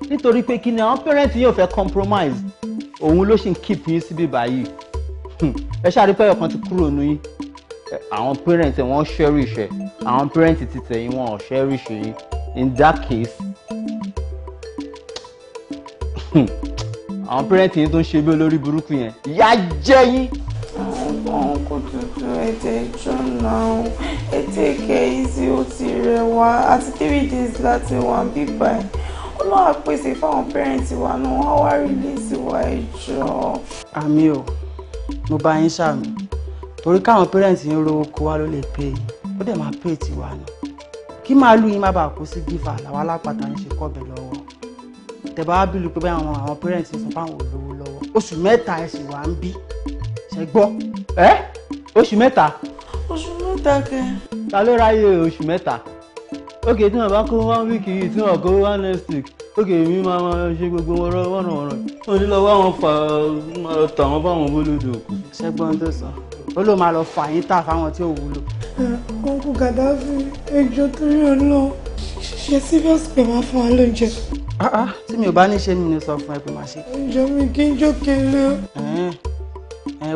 nítorí pé kí ni àwọn pẹ́rẹ́ǹtì yóò fẹ́ compromise òun ló ṣì ń kíp yín síbí báyìí hm. ẹ ṣáà rí pé ọkàn ti kúrò nù yín àwọn parents ẹ̀ wọ́n cherish ẹ̀ àwọn parents ti tẹ̀yìn wọn ò cherish yìí in that case àwọn parents yìí tó ń ṣe bí olórí burúkú yẹn ìyá jẹ́ yín. àwọn kò dúdú ẹ̀jẹ̀ ìjọ́nà ẹ̀jẹ̀ ìkẹ́ ìzì ó ti rẹ̀ wá àti three days láti wà bíbá ẹ̀ ọlọ́wà pèsè fáwọn parents wa náà wọ́n wá release wa ẹ̀jọ̀. àmì o mo bá yín ṣàmì torí káwọn parents ń rówó kó wa ló lè pè é ó dẹ̀ máa pè é tiwa nù kí màálù yín má bàa kó sí gífà làwọn alápàtà ń ṣe kọ́bẹ̀ lọ́wọ́ tẹ̀bá wá bílù pé báyìí àwọn àwọn parents ń sọ fáwọn olówó lọ́wọ́ oṣù mẹ́ta ẹ̀ sì wá ń bí ṣe gbọ́ ẹ́ oṣù mẹ́ta. oṣù mẹ́ta kẹ. ta ló ráyè oṣù mẹ́ta ókè tí wọn bá kó one week yìí tí wọn kó one next week ókè mi máa máa ṣe gbogbo wọn wọnà wọnà wọn ní lọ wá wọn fà á tà fáwọn olódò òkú. ṣẹgbọn tó sọ ó ló máa lọ fà yín tà fáwọn tí ò wúlò. kókó Gaddafi ẹjọ́ torí Ọlọ́run ṣe serious pé máa fún wa lóúnjẹ. Ah, ah, tí mi ò bá ní ṣe mi ni sọ fún ẹ pé máa ṣe. ìjọ mi kí n jókè lé.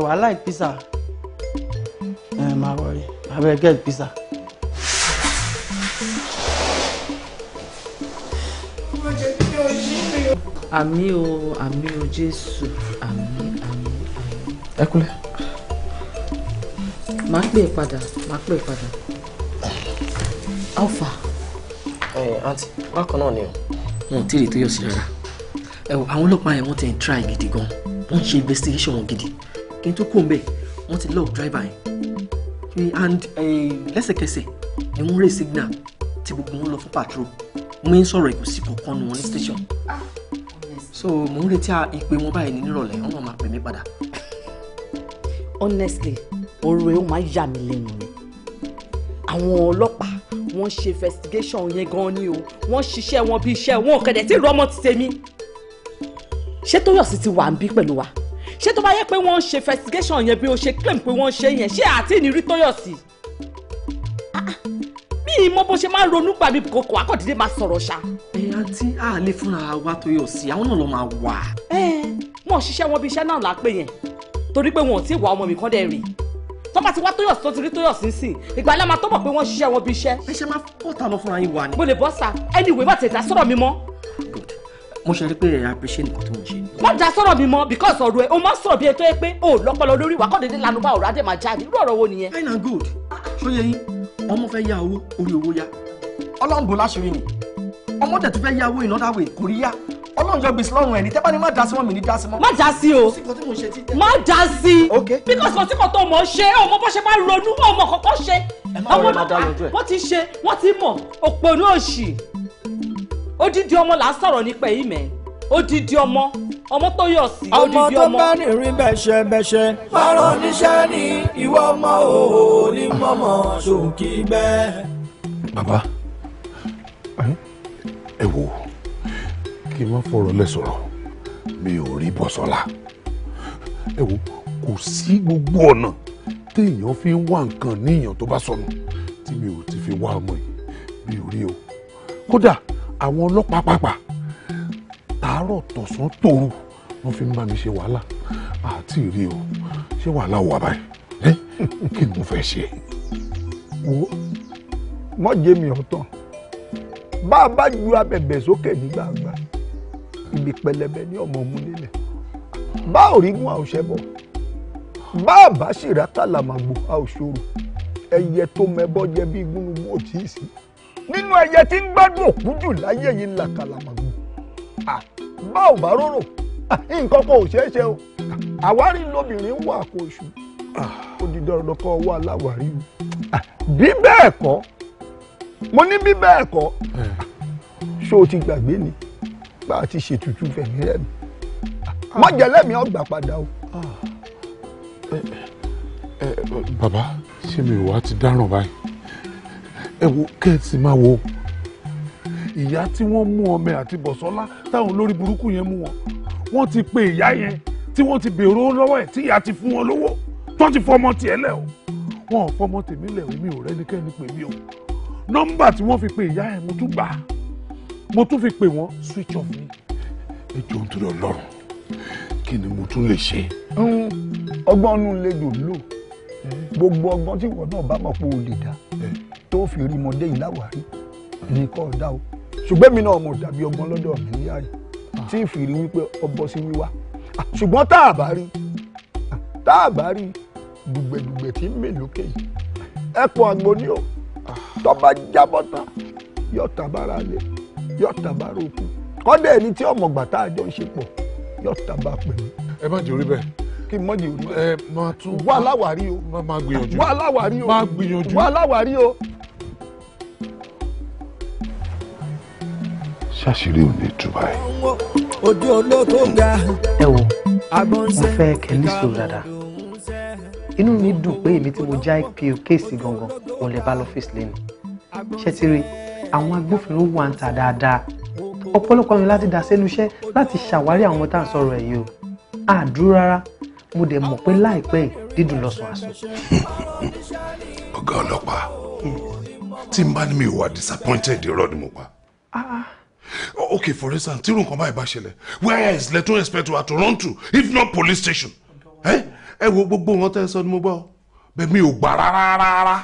wàhálà ìpísà máa wọlé abẹ get pizza. àmì o àmì o jésù àmì àmì àmì. ẹ kúlẹ̀ máa pè é padà máa pè é padà. alpha. ẹ àǹtí bákan náà ni o. wọn ò tí ì rí tó yọ sí rárá ẹ wò àwọn ọlọ́pàá yẹn wọ́n ti ń try gidi gan wọ́n ń ṣe investigation wọn gidi kí n tó kó ń bẹ̀ wọ́n ti lọ́ọ̀ driver yẹn and lẹ́sẹ̀kẹsẹ̀ ni wọ́n rè signal tí gbogbo wọn lọ fún patrol mo ń sọ̀rọ̀ ẹ̀kọ́ sí kọ̀ọ̀kan nu wọn ní station so mo ń retí ìpè wọn báyìí nírọ̀lẹ́ wọn máa pè mí padà. honestly ọ̀rọ̀ ẹ̀ ó máa yà mí lẹ́nu ni àwọn ọlọ́pàá wọ́n ṣe investigation yẹn gan ni o wọ́n ṣiṣẹ́ wọn bí iṣẹ́ wọn kẹ̀dẹ̀ tí rọ́mọ ti tèmi ṣé Tóyọ̀sí ti wà ń bí pẹ̀lú wa ṣé tó bá yẹ pé wọ́n ń ṣe investigation yẹn bí o ṣe claim pé wọ́n ń ṣe yẹn ṣé àti ìnírí Tóyọ̀sí mi mọ bó ṣe máa ń ronú gbà mí kòkò akọ́dídé máa sọ̀rọ̀ ṣá. ẹ àǹtí a lè fúnra wa Tóyọ̀sí àwọn náà ló máa wà. ẹ wọn ò ṣiṣẹ́ wọn bí iṣẹ́ náà là á pè yẹn torí pé wọn ò tí ì wá ọmọ mi kọ́ dẹ̀ rí tó bá ti wá tóyọ̀sí tó ti rí tóyọ̀sí ń sìn ìgbà ńlá máa tó mọ̀ pé wọ́n ṣiṣẹ́ wọn bí iṣẹ́. ẹ ṣe máa kọ́ta lọ fúnra yín wa ni. mo lè bọ́ sa anyway má tètè dá sọ̀rọ̀ mi mọ́. good mo ṣe rí pé ẹ appreciate nǹkan tó ń ṣe. má dá sọ̀rọ̀ mi mọ́ because ọ̀rọ̀ ẹ o máa sọ̀rọ̀ bí ẹ tó yẹ pé o lọ́pọlọ lórí wa kọ́ni lanu bá ọ̀rọ̀ adé máa jáde irú ọ̀rọ̀ wo nìyẹn. fine and good ṣó yẹ yín ọmọ fẹ́ yá owó orí owó yá ọlọ́run bò láṣìírí ni ọmọ dẹ̀ tún fẹ́ yá owó in another kò rí yá ọlọ́run yọ gbèsè lọ́rùn ẹ̀ ní tẹ́pá ni má dá sí wọn mi ní dá sí mọ́. má dá sí o má dá sí because kò sí kò tó mọ̀ ṣe ọmọ bó ṣe máa ronú ọmọ kọ̀ọ̀kan ṣe ọmọ náà wọ́n ti ṣe wọ́n ti mọ̀ òpònú òṣì odidi ọmọ là ń sọ̀rọ̀ nípa èyí mẹ́ odidi ọmọ ọmọ tó yọ sí odidi ọmọ. ọmọ tó bá ní rí bẹ́ṣẹ́ bẹ́ṣẹ́. fọ́rọ̀ oníṣẹ́ ni ìwọ ọmọ òòó mọ́mọ́ ṣòkì bẹ́ẹ̀. bàbá ẹ wò ó kí n má fọ̀rọ̀ lẹ̀ sọ̀rọ̀ mi ò rí Bọ́sọ́lá ẹ wo kò sí gbogbo ọ̀nà téèyàn fi ń wá nǹkan níyàn tó bá sọnù tí mi ò ti fi wá ọmọ yìí mi ò rí o kódà àwọn ọlọ́pàá pàápàá tàárọ̀ tọ̀sán tòru wọ́n fi ń bá mi ṣe wàhálà àti ìrí o ṣé wàhálà wà báyìí kí ni mo fẹ́ ṣe. wo mọ̀jẹ̀ mi ọ̀tàn bá a bá ju abẹ̀bẹ̀ sókè nígbàgbà. ibi pẹlẹbẹ ní ọmọ ogun lélẹ̀ bá òrígun àwòṣẹ bọ bá àbáṣìrá kàlàmàgbò àwòṣòro ẹyẹ tó mẹbọ jẹ bí òtí sí nínú ẹyẹ tí ń gbádùn òkú jù láyé yìí la kàlàmàgbò bá ò bá nǹkan kan ò o àwárí lóbìnrin wà kó di dandan kọ wà láwárí o bí bẹ́ẹ̀ kọ́ mo ní bí bẹ́ẹ̀ kọ́ o ti ni. nípa àti ṣètùtù fẹ̀mí rẹ̀ mi mọ́jẹ̀lẹ́mí ọgbà padà o. bàbá ṣé mi wàá ti dáràn báyìí ẹ wo kẹ́ẹ̀tì máa wo ìyá tí wọ́n mú ọmọ àti bọ̀sọ́lá táwọn olórí burúkú yẹn mú wọn wọ́n ti pe ìyá yẹn tí wọ́n ti bèrè lọ́wọ́ ẹ̀ tí ìyá ti fún wọn lówó tó ti fọmọ tiẹ̀ lẹ̀ o wọn ò fọmọ tèmi lẹ̀ o mi ò rẹ́nikẹ́ni pè mí o nọ́mbà tí wọ́n fi pe ìyá yẹn mo tún gbà á mo tún fi pè wọ́n switch off ni. ẹ jọ̀ọ́ nítorí ọlọ́run kí ni mo tún lè ṣe. ọgbọ́n inú lè dùn lò gbogbo ọgbọ́n tí ìwọ náà bá mọ̀ pé o lè dá tó fi rí mọ́dé yìí láwàárí ní kọ́ ọ dá o ṣùgbọ́n mi náà mo dàbí ọgbọ́n lọ́dọ̀ mi ní àyè tí ìfìrí wípé ọbọ̀ sí wíwá ṣùgbọ́n tá a bá rí tá a bá rí dùgbẹ̀dùgbẹ̀ tí ń mè lókè yìí ẹ pọ̀ àgbọ̀n ní ah. tọ́ bá jábọ̀ tán yọ̀ọ̀ta bára lé yóò tàbá ròkù kọ́dẹ̀ ẹni tí ọmọ gbà tá a jọ ń ṣe pọ̀ yóò tàbá pẹ̀lú. ẹ má jẹ́ orí bẹ́ẹ̀. kí n mọ̀ jẹ́ orí bẹ́ẹ̀. ẹ máa tún wá aláwárí o. máa gbìyànjú wá aláwárí o. máa gbìyànjú wá aláwárí o. ṣàṣírí ò ní túbà ẹ. ojú olóòtú ga. ẹ wo mo fẹ́ kẹ́lí sùúrù dáadáa inú mi dùn pé èmi tí mo já ipo kéèsì gangan òun lè bá lọ́fíìsì lẹ́nu ṣé ti rí i àwọn agbófinró wà ń ta dáadáa ọ̀pọ̀lọpọ̀ mi láti dá sẹ́nu iṣẹ́ láti ṣàwárí àwọn tá à ń sọ̀rọ̀ ẹ̀ yìí o àdúró rárá mo dẹ̀ mọ̀ pé láìpẹ́ yìí dídùn lọ́sùn àsùn. ọ̀gá ọlọ́pàá tí n bá ní mi wà disappointed irọ́ ni mo pa. Ah, ah. ok for instance tí irú nǹkan báyìí bá ṣẹlẹ̀ where is let's expect wa to run to if not police station. ẹ wo gbogbo wọn tẹ́ ẹ sọ ni mo gbọ́ bẹ́ẹ̀ mi ò gbà rárá rárá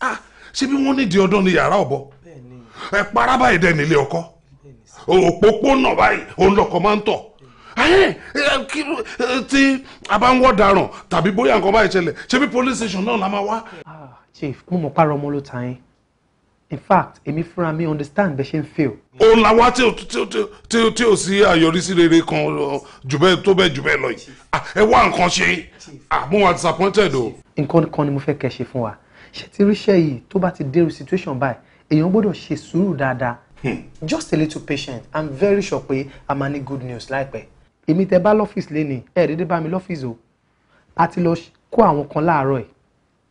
ah, ṣé bí wọ́n nídìí ọdún ni yàrá ọ̀bọ ẹ para báyìí dẹ nílé ọkọ òpópónà báyìí òun lọkọ máa ń tọ̀ tí a bá ń wọ́ daràn tàbí bóyá nǹkan báyìí ṣẹlẹ̀ ṣé bí police station náà la máa wá. Ah, chief mo mọ̀ pàrọ̀ ọmọ ló ta yín in fact èmi fúnra mi understand bẹ́ẹ̀ ṣe ń fail. òun la wá tí ò sí àyọrísí rere kan jù bẹ́ẹ̀ tó bẹ́ẹ̀ jù bẹ́ẹ̀ lọ yìí ah, ẹ wá nǹkan ṣe ah, mo wà disappointed o. nǹkan kan ni mo fẹ́ kẹ́ ṣe fún wa ṣé ti ríṣẹ́ yìí tó bá ti dérú situation báyìí èèyàn gbọ́dọ̀ ṣe sùúrù dáadáa hmm. just a little patient i'm very sure pé a máa ní good news láìpẹ́ èmi tẹ bá lọ́fíìsì lẹ́nìí ẹ̀ dédé bá mi lọ́fíìsì o a ti lọ kó àwọn kan láàárọ̀ ẹ̀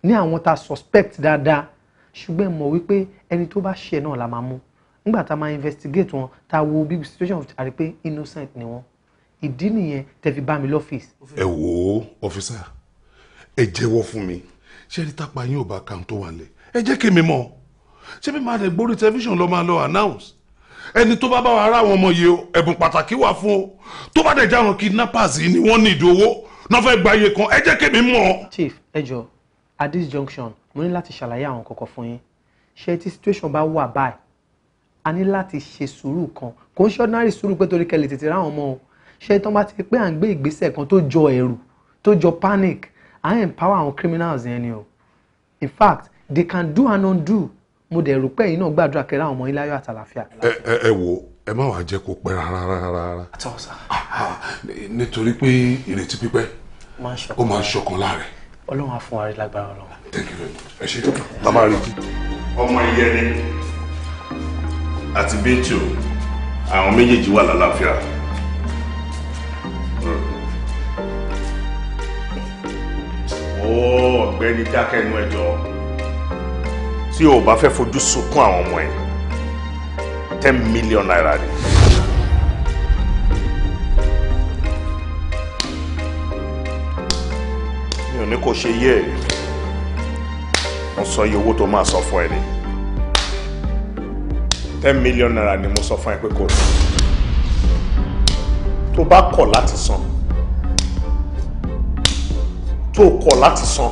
ní àwọn tá suspect dáadáa ṣùgbọ́n ẹ mọ̀ wípé ẹni tó bá ṣe náà la máa mú nígbà tá a máa investigate wọn tá a wo big situation a rí pé innocent ni wọn ìdí nìyẹn tẹ fi bá mi lọ́fíìsì. ẹ wò ó ọfíìsà ẹ jẹ́wọ́ fún mi ṣé ẹni tápá yín ò bá kàn tó wà lẹ̀ ẹ jẹ́ kémi mọ̀ ṣé máa dẹ̀ gbórí tẹlifíṣàn lọ máa lọ announce ẹni tó bá bá wa ara àwọn ọmọ yìí ẹ̀bùn pàtàkì wà fún o tó bá dẹ̀ já àwọn kidnappers yìí ni wọ́n ní ìdówó náà fẹ́ gba iye kan ẹ jẹ́ kémi mọ̀. chief ẹ at this junction mo ní láti ṣàlàyé àwọn kọ̀ọ̀kan fún yín ṣé tí situation bá wà báyìí a ní láti ṣe sùúrù kan kò ń ṣe ordinary sùúrù pé torí kẹlẹ̀ tètè ráwọn ọmọ o ṣé tán bá ti pé à ń gbé ìgbésẹ̀ kan tó jọ ẹ̀rù tó jọ panic I empower àwọn criminals yẹn ni o in fact they can do and undo mo dẹ̀ rò pé ẹ̀yin náà gbàdúrà kẹ́rẹ́ àwọn ọmọ yín láyọ̀ àtàlàfíà. ẹ ẹ ẹ wo ẹ má wàá jẹ́ kó pẹ́ rárá rárá. nítorí pé ìrètí pípẹ́ ó máa ń ṣọkan láàrẹ. ọlọ́run á fún wa rí lágbára ọlọ́run. thank you very much ẹ ṣe bàbá rẹ ti. ọmọ ìyẹnì àti bíntù àwọn méjèèjì wà lálàáfíà. Hmm. ó ọ̀gbẹ́ni dákẹ́nu ẹ̀jọ̀ tí o bá fẹ́ fojú sunkún àwọn ọmọ ẹ̀ ten million naira ni. mi ò ní kó ṣe yé ẹ mo sọ iye owó tó máa sọ fún ẹ ni ten million naira ni mo sọ fún ẹ pé kò sí tó bá kọ̀ láti san tó kọ̀ láti san.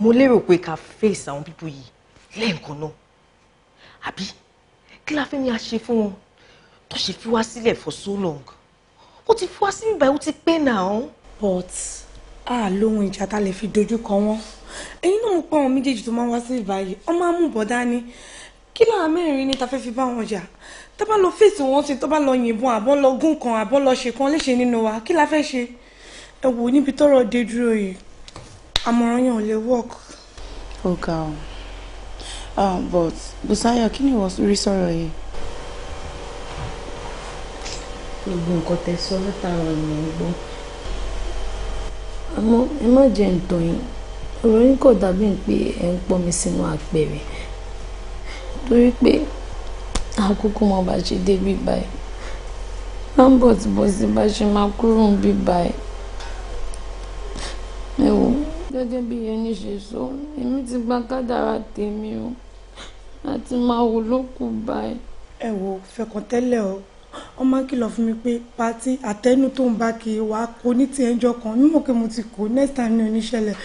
mo lérò pé ká face àwọn pípọ̀ yìí lẹ́ẹ̀kan náà àbí kí la fẹ́ ní a ṣe fún wọn tó ṣe fi wá sílẹ̀ for so long ó ti fi wá sí bíbá ó ti pẹ́ náà. but a lóhun ìjà tá a lè fi dojú kọ wọn èyí náà mo pa àwọn méjèèjì tó máa ń wá sí bíbá yìí ọmọ amúbọ̀ dání kí lára mẹ́rin ni ta fẹ́ fi bá wọn jà tó bá lọ fèsì wọn sí tó bá lọ yìnbọn àbọ̀ lọ gún kan àbọ̀ lọ ṣe kan léṣe nínú wa kí la fẹ́ ṣe ẹ wò níbi tọ́rọ̀ dé dúró yìí àmọ̀ràn yẹn ò lè work. ó ga ọ ah, but Bùsáyọ̀ kí ni ìwọ rí sọ̀rọ̀ yìí. gbogbo nǹkan tẹ́ sọ látàrọ ni mo gbọ́ àmọ́ ẹ má jẹ́ ǹtàn yín ọ̀rọ̀ yín kò dàbí pé ẹ ń pọ́n mi sínú àpẹẹrẹ torí pé àkókò mọ bá ṣe dé bí báyìí lambert bọ́sí bá ṣe máa kúrò ń bí báyìí ẹ wò ó gẹ́gẹ́ bí ẹni ṣe sọ èmi ti gba kádàrá tèmi o láti máa wò lókù báyìí. ẹ wo fẹkàn tẹ́lẹ̀ o ọmọ kìlọ̀ fún mi pé pati àtẹnu tó ń bá kí wa kó ní tiẹ̀ ń jọ kan mímọ̀ pé mo ti kó next time ní oníṣẹ̀lẹ̀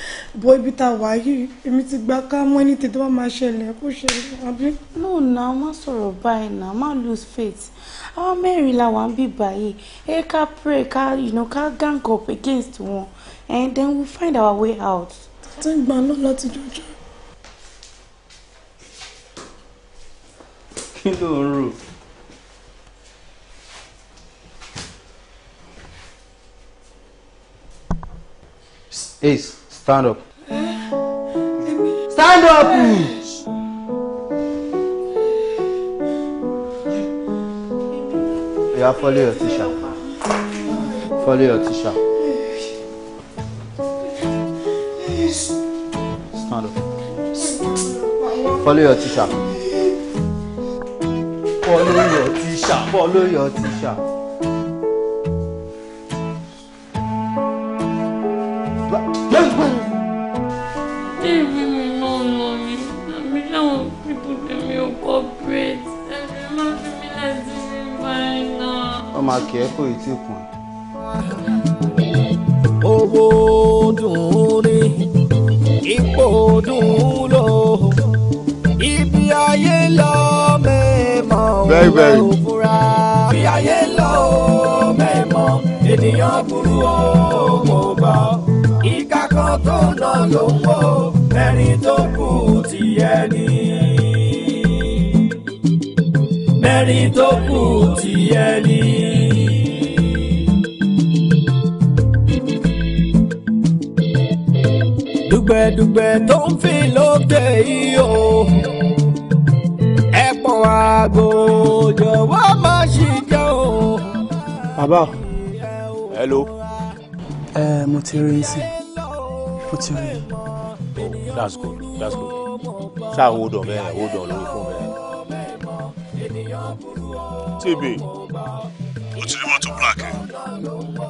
bó ibi tá a wà yìí èmi ti gba ká mọ́ ẹni tètè wọ́n máa ṣẹlẹ̀ kó ṣe àbí. no na má sọ̀rọ̀ báyìí na má lose faith àwọn mẹ́rin làwọn bíbá yìí ẹ ká pray ká you know, ká gang up against wọn and then we'll find our way out. ti ń gbà lọ́la ti jọjọ. kí ló Ace, stand up. Stand up! Yeah, follow your teacher. Follow your teacher. Stand up. Follow your teacher. Follow your teacher. Follow your teacher. Baby, me no know me. Me some people dem yo cooperate. Dem no fit me let me buy now. Ọmọ akẹ́kọ̀ọ́ yìí ti kùn owó dùn rí ipò dùn lò ibi ayé lọ mẹ́mọ́ òun ò ibi ayé lọ mẹ́mọ́ ènìyàn burú owó bọ̀ ìka kan tó nà ló ń wò mẹ́rin tó kù tiẹ̀ ni mẹ́rin tó kù tiẹ̀ ni. dùgbẹ̀dùgbẹ̀ tó ń fi lókè yìí o ẹ̀pọ̀n àgò jọ̀wọ́ má ṣì jẹ́ o. bàbá o. hello. ẹ mo ti rí sí mo ti rí. oh that's good that's good ṣáà hold on bẹ́ẹ̀ hold on lórí fún bẹ́ẹ̀. tèbè. o ti rí mọ́tò black ẹ̀.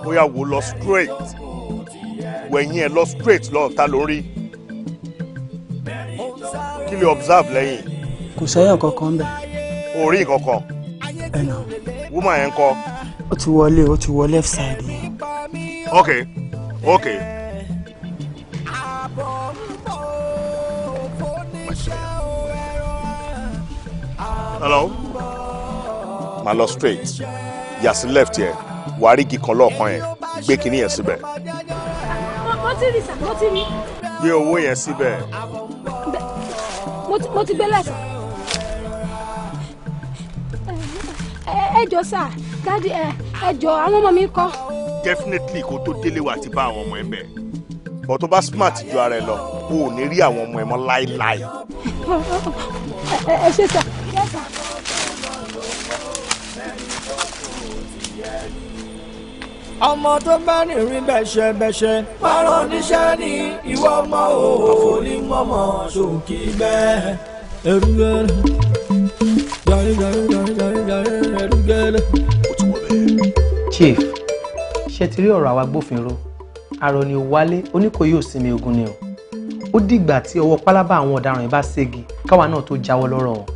ó yá wò lọ straight gbogbo ẹ̀yìn ẹ̀ lọ straight lọ ta ló ń rí kí lè observe lẹ́yìn. kò sẹ́yàn kankan bẹ́ẹ̀. o rí kankan. ẹ nà. woman yẹn kọ. ó ti wọlé ó ti wọ left side ok ok. hello. ma lọ straight yà left yẹn wàá rí igi kan lọ́ọ̀kan yẹn gbé kinní yẹn síbẹ̀ ti rí sà mo ti rí. gbé owó yẹn síbẹ̀. mo ti gbé lẹ́sà. ẹ jọ sà dáàdi ẹ jọ àwọn ọmọ mi kọ. definitely kó tó délé wa ti bá àwọn ọmọ ẹ bẹ bọ́ tó bá smart ju ara ẹ lọ kó o ní rí àwọn ọmọ ẹ mọ́ láéláé. ẹ ṣe sà. ọmọ tó bá nìrìn bẹ́ṣẹ́ bẹ́ṣẹ́ pààrọ̀ níṣẹ́ ni ìwọ ọmọ òhò ní mọ́mọ́ bẹ́ẹ̀. erugẹ́lẹ́ jàre jàre jàre jàre jàre erugẹ́lẹ́. chief ṣe ti rí ọ̀rọ̀ àwọn agbófinró arọ ni wálé oníkòyí ò sinmi ogun ni o ó dìgbà tí ọwọ́ pálábá àwọn ọ̀daràn yìí bá ségi káwa náà tó jáwọ́ lọ́rọ̀ wọn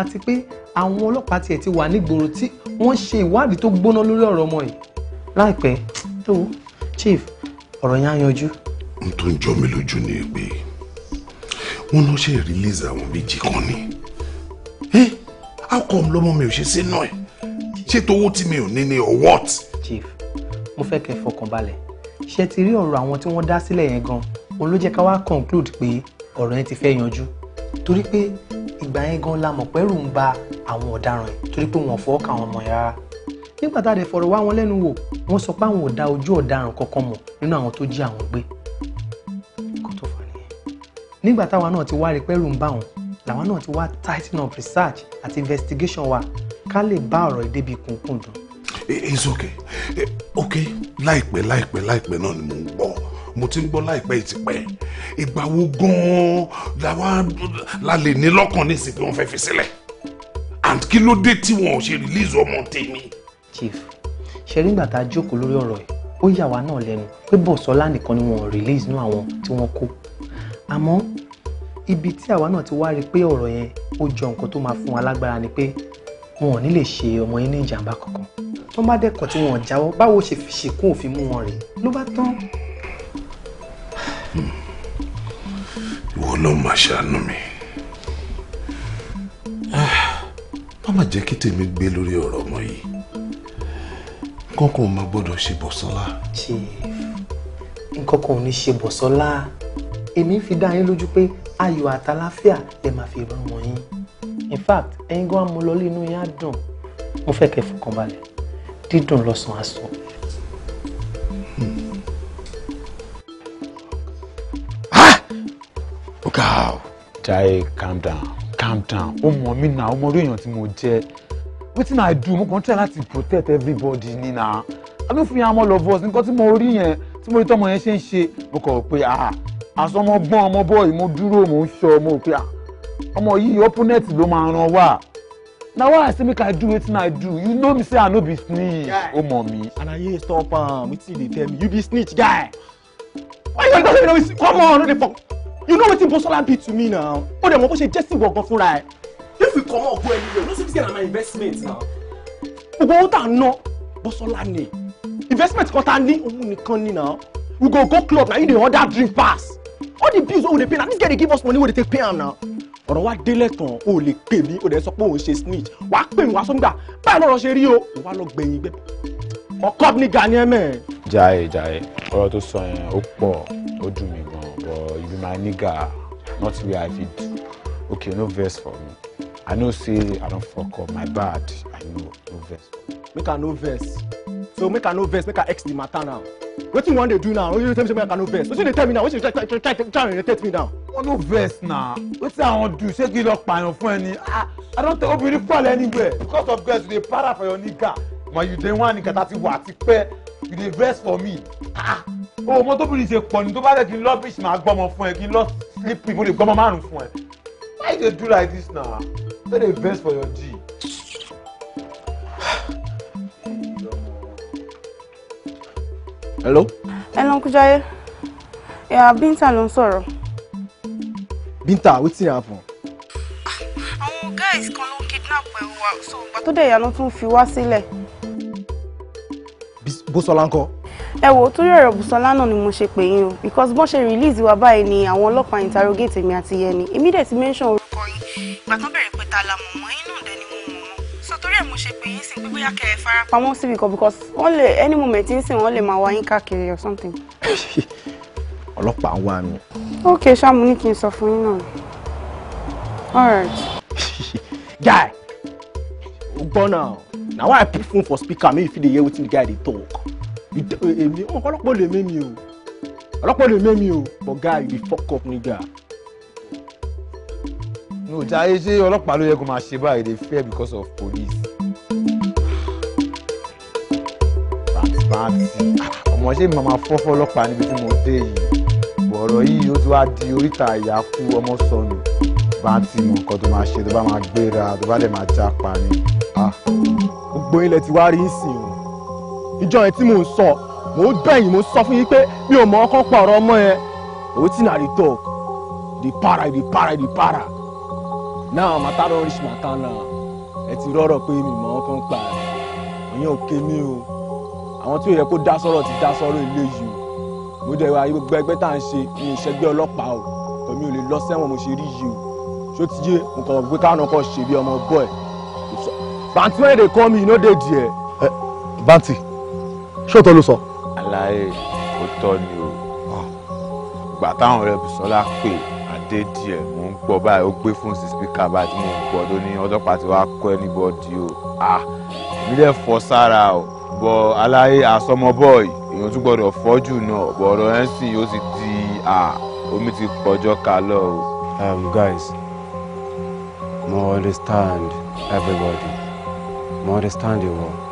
àti pé àwọn ọlọ́pàá tiẹ̀ ti wà nígboro tí wọ́n ṣe ìwádìí tó gbóná lórí ọ̀rọ̀ ọmọ yìí láìpẹ́ tó chief ọ̀rọ̀ yẹn á yanjú. n tó ń jọ mi lójú ni pé wọn náà ṣe release àwọn méjì kan ni ẹ eh, how come lọ́mọ mi ò ṣe sínú ẹ̀ ṣé tówó tí mi ò ní ni or what. chief mo fẹ́ kẹ́ fọkàn balẹ̀ ṣe ti rí ọ̀rọ̀ àwọn tí wọ́n dá sílẹ̀ yẹn gan òun ló jẹ́ ká wá conclude pé ọ̀rọ̀ yẹn ti fẹ́ yanjú torí pé ìgbà yẹn gan la mọ̀ pẹ́rù ń ba àwọn ọ̀daràn yìí torí pé wọn ò fọwọ́ kà wọn mọ̀ yàrá nígbà tá a dẹ̀ fọ̀rọ̀ wá wọn lẹ́nu wò wọ́n sọ pé àwọn ò dá ojú ọ̀daràn kankan mọ̀ nínú àwọn tó jí àwọn gbé kó tó fà nìyẹn nígbà táwa náà ti wá rí pẹ́rù ń bá wọn làwa náà ti wá tighten up research àti investigation wa ká lè bá ọ̀rọ̀ ìdébi kùnkùn dùn. it's okay okay láìpẹ́ láìpẹ́ láìpẹ́ náà ni mò ń gbọ́ mo ti ń gbọ́ láìpẹ́ ìtìpẹ́ ìgbà wo gan-an làwa la lè ní lọ́kàn nísìnyí pé wọ́n fẹ́ fi sílẹ̀ and kí ló dé tí wọn ò ṣe release ọmọ tèmi chief ṣe rí ìgbà tá a jókòó lórí ọ̀rọ̀ ẹ̀ ó yà wá náà lẹ́nu pé bọ̀sọ́lá nìkan ni wọ́n release inú àwọn tí wọ́n kó àmọ́ ibi tí àwa náà ti wá rí i pé ọ̀rọ̀ yẹn ó jọ nǹkan tó máa fún wa lágbára ni pé wọn ò ní lè ṣe ọmọ yín ní ìjàmbá kankan tó bá dẹ́kọ̀ tí wọn ò jáwọ́ báwo ṣe fi ṣìkún òfin mú wọn rèé ló bá tán. ìwọ náà máa ṣàánú mi ah, má má jẹ́ kí tèmi gbé lórí ọ̀rọ̀ ọmọ yìí nǹkan kan ò máa gbọ́dọ̀ ṣe Bọ́sọ́lá. chief nǹkan kan ò ní ṣe Bọ́sọ́lá èmi fi dá yín lójú pé ayọ̀ àtàláfíà lè máa fi ràn wọ́n yín in fact ẹ̀yin gan amú lọlé inú yín á dùn mo fẹ́ kẹ́ fọkàn balẹ̀ dídùn lọ́sàn-án aṣọ. ọ̀gá calm down calm down ó mọ̀ mí náà ó mọ̀ orí wetin i do mo kàn try láti protect everybody Nina. i no fit yan ọmọ of us nǹkan tí mo rí yẹn tí mo rí tọmọ yẹn ṣe ń ṣe mo kàn rò pé ah àsọmọgbọ́n ọmọ bọ́ọ̀lù mo dúró mo ń ṣọ mo rò pé ah ọmọ yìí opponent ló máa ràn wá na why i say make i do wetin i do you know me say i no be snitch o mọ mi. anaye stop am um, wetin you dey tell me you be snitch guy why you don't tell me no be come on no dey fok you know wetin bosola be to me now o dem mọ bó ṣe jẹ́ sí ìwọ gan fúnra if we come comot go anywhere no know say this girl na my investment na. gbogbo owó tá a ná Bọ́sọ́lá ni investment kan tá òun nìkan ni na we go go club na you dey order drink pass all the bills wey we dey pay na this girl dey give us money wey dey take pay am na ọ̀rọ̀ wa délẹ̀ tán o lè pè mí o dẹ̀ sọ pé òun ṣe snitch wàá pè mí wàá sọ nígbà báyìí lọ́rọ̀ ṣe rí o wàá lọ gbẹ̀yìn gbẹ ọkọ ní gani ẹ mẹ. jaaye jaaye ọ̀rọ̀ tó sọ yẹn ó pọ̀ ó dùn mí gan but you be my nigga not where i fit okay no verse for me i know say i don't fuck up my bad i know no verse. make i no verse. so make i no verse. make i x the matter now wetin you want dey do now you tell me say make i no verse. wetin you dey tell me now wetin you try try try try, irritate me now. wọn oh, no vex na wetin i want to do Say give up lọ pààyàn fún ẹ ni ah, i don take obìnrin fall anywhere because of girls you dey para for your nigga ma you dey wan nigga tati wa ti pẹ you dey verse for me ah o mọ tóbi ni ṣe pọ ni tó bá jẹ kí n lọ bíṣì máa gbọmọ fún ẹ kí n lọ slip with mo lè gbọmọ márùn fún ẹ why you do like this now no dey vex for your g. hello. hello uncle Jaiye yeah, Binta ló ń sọ̀rọ̀. What's wetin happen. àwọn guys kan ló kidnap ẹ wa so ìgbà tó dẹ̀ yà ló tún fi wá sílẹ̀. Bísọ́lá ẹ wò ó torí ọ̀rọ̀ Bùsọ́lá náà ni mo ṣe pè yín o because bọ́n ṣe release wa báyìí ni àwọn ọlọ́pàá interrogate èmi àti Yẹni èmi dẹ̀ mention orúkọ yín ìgbà tó bẹ̀rẹ̀ pé ta la mọ̀ mọ́ yín náà ni mo mọ̀ mọ́ so torí ẹ̀ mo ṣe pè yín sí pé bóyá kẹ́ ẹ fara pamọ́ síbi kan because wọ́n lè any moment ń sìn wọ́n lè máa wá yín káàkiri or something. ọlọ́pàá ń wá mi. ok ṣáàmù ní kí n sọ fún yín náà guy o gbọ́ náà na why i put phone for speaker make you fit dey hear wetin the guy dey talk èmi ọmọ ọlọ́pàá lè mẹ́mi o ọlọ́pàá lè mẹ́mi o but guy you dey fuck up nigga. mi ò jáde ṣé ọlọ́pàá ló yẹ kó máa ṣe báyìí dey fear because of police. ọmọ ṣé màmá fọ́fọ́ ọlọ́pàá níbi tí mo dé yìí ọ̀rọ̀ yìí ó ti wá di oríta ìyàkú ọmọ sọnù bá ti nǹkan tó máa ṣe tó bá máa gbéra tó bá lè máa jápa ni. Ah, gbogbo ilẹ̀ ti wá rí sìn o ìjọ yẹn tí mò ń sọ mò ń bẹ̀yìn mò ń sọ fún yín pé mi ò mọ ọkàn pa ọ̀rọ̀ ọmọ yẹn wetin i dey talk dey para dey para dey para now mata don reach my town now ẹ ti rọrọ pé mi mọ ọkàn pa ìyẹn ò ké mi o àwọn tí ò yẹ kó dá sọ̀rọ̀ ti dá sọ̀rọ̀ eléyìí o mo dẹ̀ wá gbogbo ẹgbẹ́ tá à ń ṣe ní ìṣẹ́gbẹ́ ọlọ́pàá o kò mi ò lè lọ sẹ́wọ̀n mo ṣe rí yìí o ṣó ti yé nǹkan ọ̀gbìn káwọn ọkọ̀ ṣe bí ọmọ bọ́ọ̀ ẹ̀ dey call me you no dey there. bàǹtí ṣóòtọ́ ló sọ. aláyé ó tọ́ ni o ah. gbà táwọn rẹ Bùsọ́lá pè Adédìẹ mò ń gbọ́ báyìí ó gbé fún sísíkà báyìí tí mò ń gbọ́ tó ní ọlọ́pàá ti wá kọ́ anybody o ìbílẹ̀ ah, fọ́ sára o bọ aláyé asọmọbọ́ọ̀ì èèyàn tún gbọ́dọ̀ fọ́jú náà bọ̀rọ̀ ẹ̀ sì yóò ti di ah, omi ti pọ̀jọ́ kalọ́ o. Um, guys, more understand everybody, more understand the all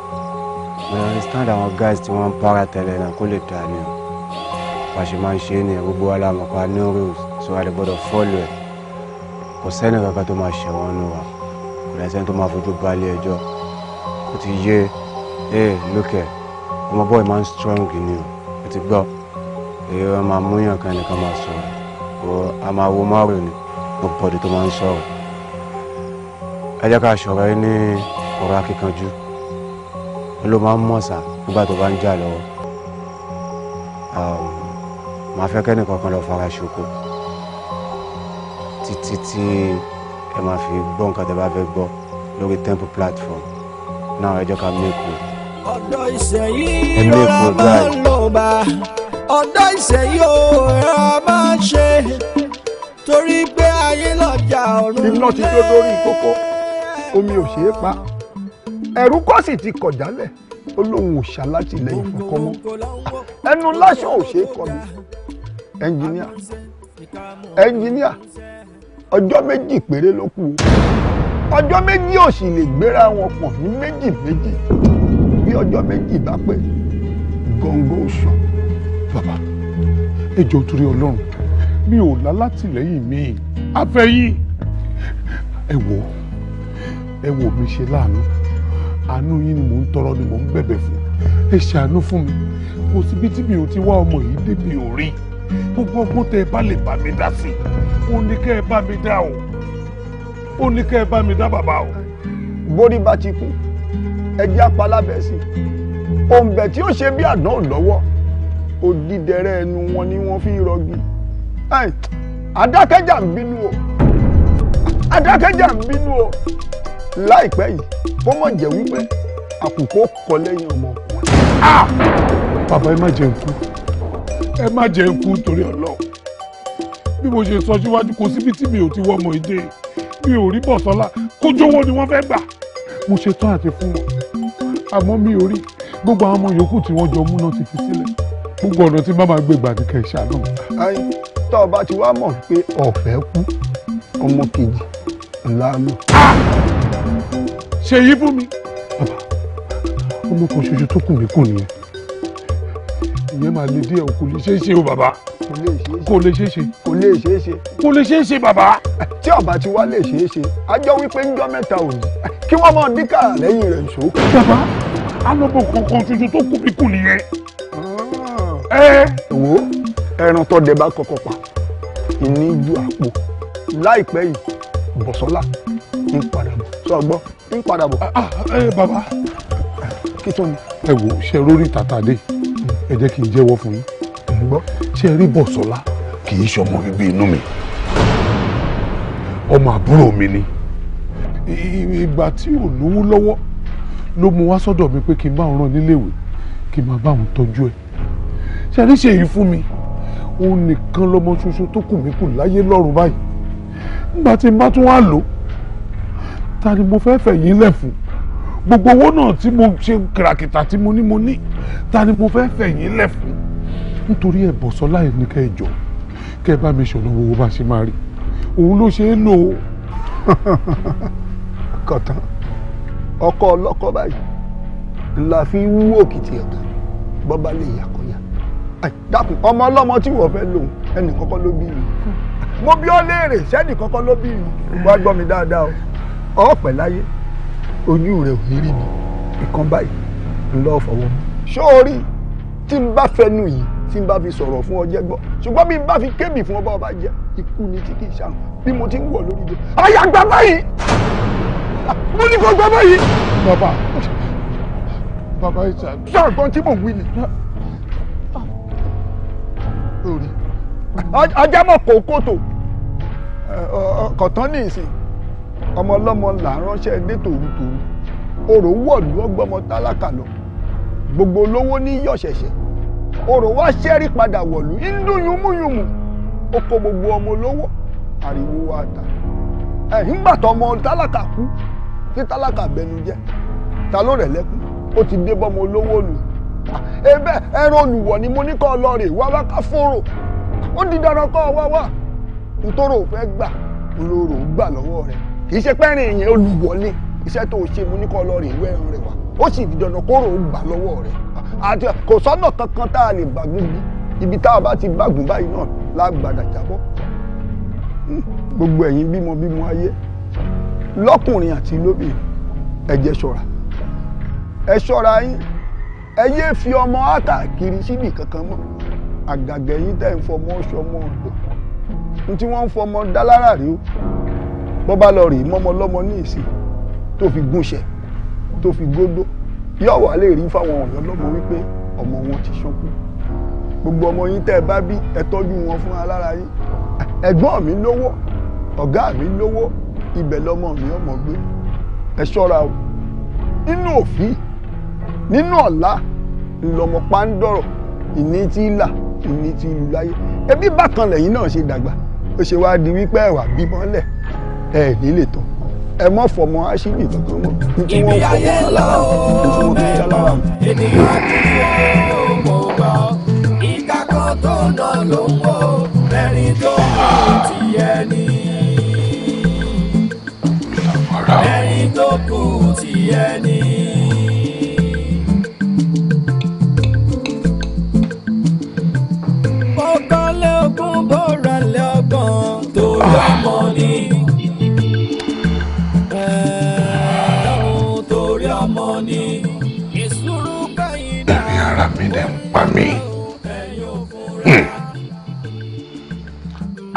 mo understand àwọn guys tí wọ́n ń para tẹ̀lé náà kó lè dà ní o pàṣẹ máa ń ṣe é nìyẹn gbogbo wa la mọ̀ pa rules so I lè gbọ́dọ̀ follow ẹ̀ kò sẹ́ni kankan tó máa ṣẹ̀wọ̀n nù wa kò dẹ̀ sẹ́ni tó máa fojú balẹ̀ ẹjọ́ kò ti yé e. ẹ lókè ọmọ bọ́ọ̀ máa ń strong ni o ẹ ti gbọ́ èyí wọn máa múyàn kan nìkan máa sọ̀rọ̀ o a máa wo márùn ni nobody tó máa ń sọ̀rọ̀ ẹ jẹ́ ká ṣọ̀rọ̀ ẹ ní ọ̀rọ̀ akíkanjú ló máa ń mọ̀sà nígbà tó bá ń jà lọ́wọ́ màá fẹ́ kẹ́ni kankan lọ fara ṣoko títí tí ẹ máa fi gbọ́ nǹkan tẹ́ bá fẹ́ gbọ́ lórí temple platform náà ẹ ká mẹ́kù. ọ̀dọ̀ ìṣẹ̀yìn rọra máa ń lò bá ọ̀dọ̀ ìṣẹ̀yìn ò máa ń ṣe torí pé ayé lọ́jà ọ̀run lẹ́ẹ̀. iná ti dó lórí ìkókó omi ò ṣeé pa ẹ̀rú kọ́ sì ti kọ̀ jálẹ̀ ó lóun ò ṣàlátìlẹ́yìn kankan mọ́ ẹnu lásán ò ṣeé kọ́ mi ẹnjìníà ẹnjìníà ọjọ́ méjì péré ló kù o ọjọ́ méjì ò sì lè gbéra wọn pọ̀ ní méjì méjì bí ọjọ́ méjì bá pé góńgó sàn. bàbá ejò torí ọlọ́run mi ò lálátìlẹ́yìn mi àfẹ́yìn ẹ wò ẹ wò mi ṣe láàánú àánú yín ni mò ń tọrọ ni mò ń bẹ̀bẹ̀ fún ẹ ṣàánú fún mi kò síbi tí mi ò ti wá ọmọ yìí débi òrí gbogbo ọgbọ́n tẹ ẹ bá lè bá mi dá sí ó ní kẹ́ ẹ bá mi dá o ó ní kẹ́ ẹ bá mi dá bàbá o. borí bá ti kú ẹjẹ́ apalábẹ́ sí i òǹbẹ̀ tí ó ṣe bí àdán lọ́wọ́ òdìdẹrẹ́ ẹnu wọn ni wọ́n fi rọgbì adákẹ́jà ń bínú o adákẹ́jà ń bínú o láìpẹ́ yìí kó mọ̀ jẹ́ wípé àkùkọ kọ lẹ́yìn ọmọ bàbá ẹ má jẹ́ nkú ẹ má jẹ́ nkú torí ọlọ́run bí mo ṣe sọ síwájú kò síbi tí mi ò ti wọ ọmọ ìdè mi ò rí bọ̀sọ́lá kójówó ni wọ́n fẹ́ gbà mo ṣe tán àti fún wọn àmọ́ mi ò rí gbogbo àwọn ọmọ yòókù tí wọ́n jọ mú náà ti fi sílẹ̀ gbogbo ọ̀nà tí bàbá gbé gbà ní kẹ̀ṣà náà. ayi tó o ti wá mọ̀ pé ọ̀fẹ́ kú ọmọ kejì ńlá lò ṣèyí fún mi. bàbá ọmọ kan ṣoṣo tó kù mí kù nìyẹn ìyẹn máa le díẹ̀ kò lè ṣeé ṣe o bàbá kò lè ṣeé ṣe. kò lè ṣeé ṣe. kò lè ṣeé ṣe bàbá. tí ọba ti wá lè ṣeé ṣe a jọ wípé ń jọ mẹ́ta òní kí wọ́n máa dín kàrà lẹ́yìn rẹ̀ ṣó. bàbá alọ́bọ̀ kankan ṣoṣo tó kù mí kù nìyẹn. Ah. ẹ wo ẹran tó dẹ bá kọ́kọ́ pa ìní ju àpò láìpẹ́ yìí bọ̀sọ́lá ń padà bọ̀ sọ gbọ́ ń padà bọ̀. ẹ ah, ah, eh, bàbá kí tó ni. ẹ wo ṣe rórí tàtàdé ẹ jẹ́ kí n jẹ́wọ́ fún yín gbọ́ ṣe rí bọ̀sọ́lá kì í ṣọmọ bíbí inú mi ọmọ àbúrò mi ni ìgbà tí ò lówó lọ́wọ́ ló mú wá sọ́dọ̀ mi pé kí n bá òun rán níléèwé kí n máa bá òun tọ́jú ẹ̀ ṣe rí ṣe yìí fún mi òun nìkan lọmọ ṣoṣo tó kù mí kù láyé lọ́rùn báyìí nígbà tí n bá tún wá lò ó ta ni mo fẹ́ fẹ̀yìn lẹ̀ fún gbogbo owó náà tí mo ṣe kìràkìtà tí mo ní mo ní ta ni mo fẹ́ fẹ̀yìn lẹ̀ fún nítorí ẹ̀bọ̀ sọlá ẹ̀ ní kẹ́ ẹ jọ kẹ́ ẹ bá mi ṣọ̀nà owó bá ṣe máa rí òun ló ṣe é lò ó. kọ̀tán ọkọ ọlọ́kọ báyìí ńlá fi wú òkìtì ọ̀tá bọ́bá lè yà kọ́yà dákun ọmọ ọlọ́mọ tí wọ́n fẹ́ lòun ẹnì kọ́kọ́ ló bí mi mo bí ọ léèrè sẹ́nì kọ́kọ́ ló bí mi wá gbọ́ mi dáadáa o ọ̀pẹ̀ láyé ojú rẹ̀ ò ní rí mi ìkan báyìí ńlọ fọwọ́ mi. sóòrí tí n bá fẹnu yìí tí n bá fi sọ̀rọ̀ fún ọ jẹ́ gbọ́ ṣùgbọ́n bí n bá fi kébì fún ọba ọba jẹ́ ikú ni tí kì í ṣàrùn bí mo ti ń wọ̀ lórí ìjọ. àyà gbà báyìí mo ní kó gbà báyìí. bàbá bàbá ìjà. sọ̀gbọ́n tí mò ń wí ni. ajá mọ̀ kó kótó kọ̀tán ní ìsìn ọmọ ọlọ́mọ là ń ránṣẹ́ dé tòrutòru orò wọ̀lú ọgbọ́mọ tálákà lọ gbogbo olówó ní yọ̀ṣẹ̀ṣẹ̀ orò wá ṣẹ́rí padà wọ̀lú inú yùmúyùmù ó kó gbogbo ọmọ olówó ariwo wa ta ẹ̀yìn gbàtọ̀ ọmọ tálákà kú tí tálákà bẹnu jẹ́ ta ló rẹ̀ lẹ́kún ó ti dé bọ́mọ olówó nù ebe ẹran olùwọ̀ ni mo ní kọ́ lọ rè wá wá ká fóró ó di dandan kọ́ wá wá ntòrò fẹ́ gbà olóró gbà lọ́wọ́ rẹ̀ kì í ṣe pẹ́rìn yẹn olùwọlé iṣẹ́ tó o ṣe mo ní kọ́ lọ rìn ìwé ẹ̀rọ rẹ wá ó sì di dandan kó rò ó gbà lọ́wọ́ rẹ àti kò sọ́nà kankan tá a lè gbàgbé bí ibi tá a bá ti gbàgbé báyìí náà la gbàdà jábọ́ hmm, gbogbo ẹ̀yin bímọ bímọ ayé lọ́kùnrin àti lóbìnrin ẹ jẹ́ ṣọ́ra ẹ ṣọ́ra yín ẹ yé fi ọmọ àtàkiri síbì kankan mọ́ àgàgà ẹ̀yin tẹ̀ ń fọmọ ṣọmọ ọ̀dọ̀ ní tí wọ́n ń fọmọ dálára rí o bọ́ bá lọ rèé mọ́mọ́ lọ́mọ ní ìsìn tó fi gúnṣẹ́ tó fi gódó yóò wà lè rí fáwọn ọ̀yọ́ lọ́mọ wípé ọmọ wọn ti ṣókú gbogbo ọmọ yín tẹ́ ẹ bá bí ẹ tọ́jú wọn fún alára yín ẹ̀gbọ́n mi lówó ọ̀gá mi lówó ibẹ̀ lọ́mọ mi ọmọ gbé ẹ ṣọ́ra o nínú òfin nínú ọ̀la ńlọmọ pàǹdọ̀rọ̀ ìní tí ń là ìní tí ń lu láyé ẹbí bákan lẹ́yìn náà ṣe dàgbà ó ṣe wá di wípé ẹ̀wà bímọ lẹ̀ ẹ ní lè tọ̀ ẹ mọ̀ fọmọ aṣíbì kankan mọ̀ nítorí wọ́n fọmọ alára nítorí wọ́n fi alára. ènìyàn ti ṣe òmò gbọ́ ìka kan tó nà ló ń wò mẹ́rin tó kù ti yẹ ni. mẹ́rin tó kù ti yẹ ni. mi hmm.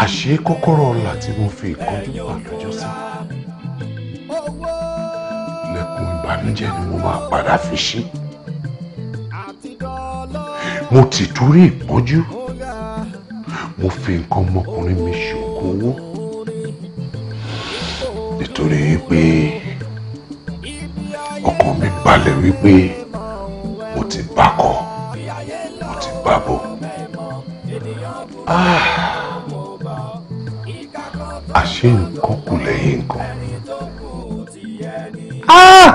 àṣé kọ́kọ́rọ́ ọ̀la tí mo fi ìkánjú pa lọ́jọ́ sí lẹ́kùn ìbànújẹ́ ni mo máa padà fi ṣí mo ti torí ìpọ́njú mo fi nǹkan ọmọkùnrin mi ṣògo owó nítorí pé ọkàn mi balẹ̀ wípé mo ti bá bàbò. àṣé ah. nǹkan kù lẹ́yìn nǹkan. Ah!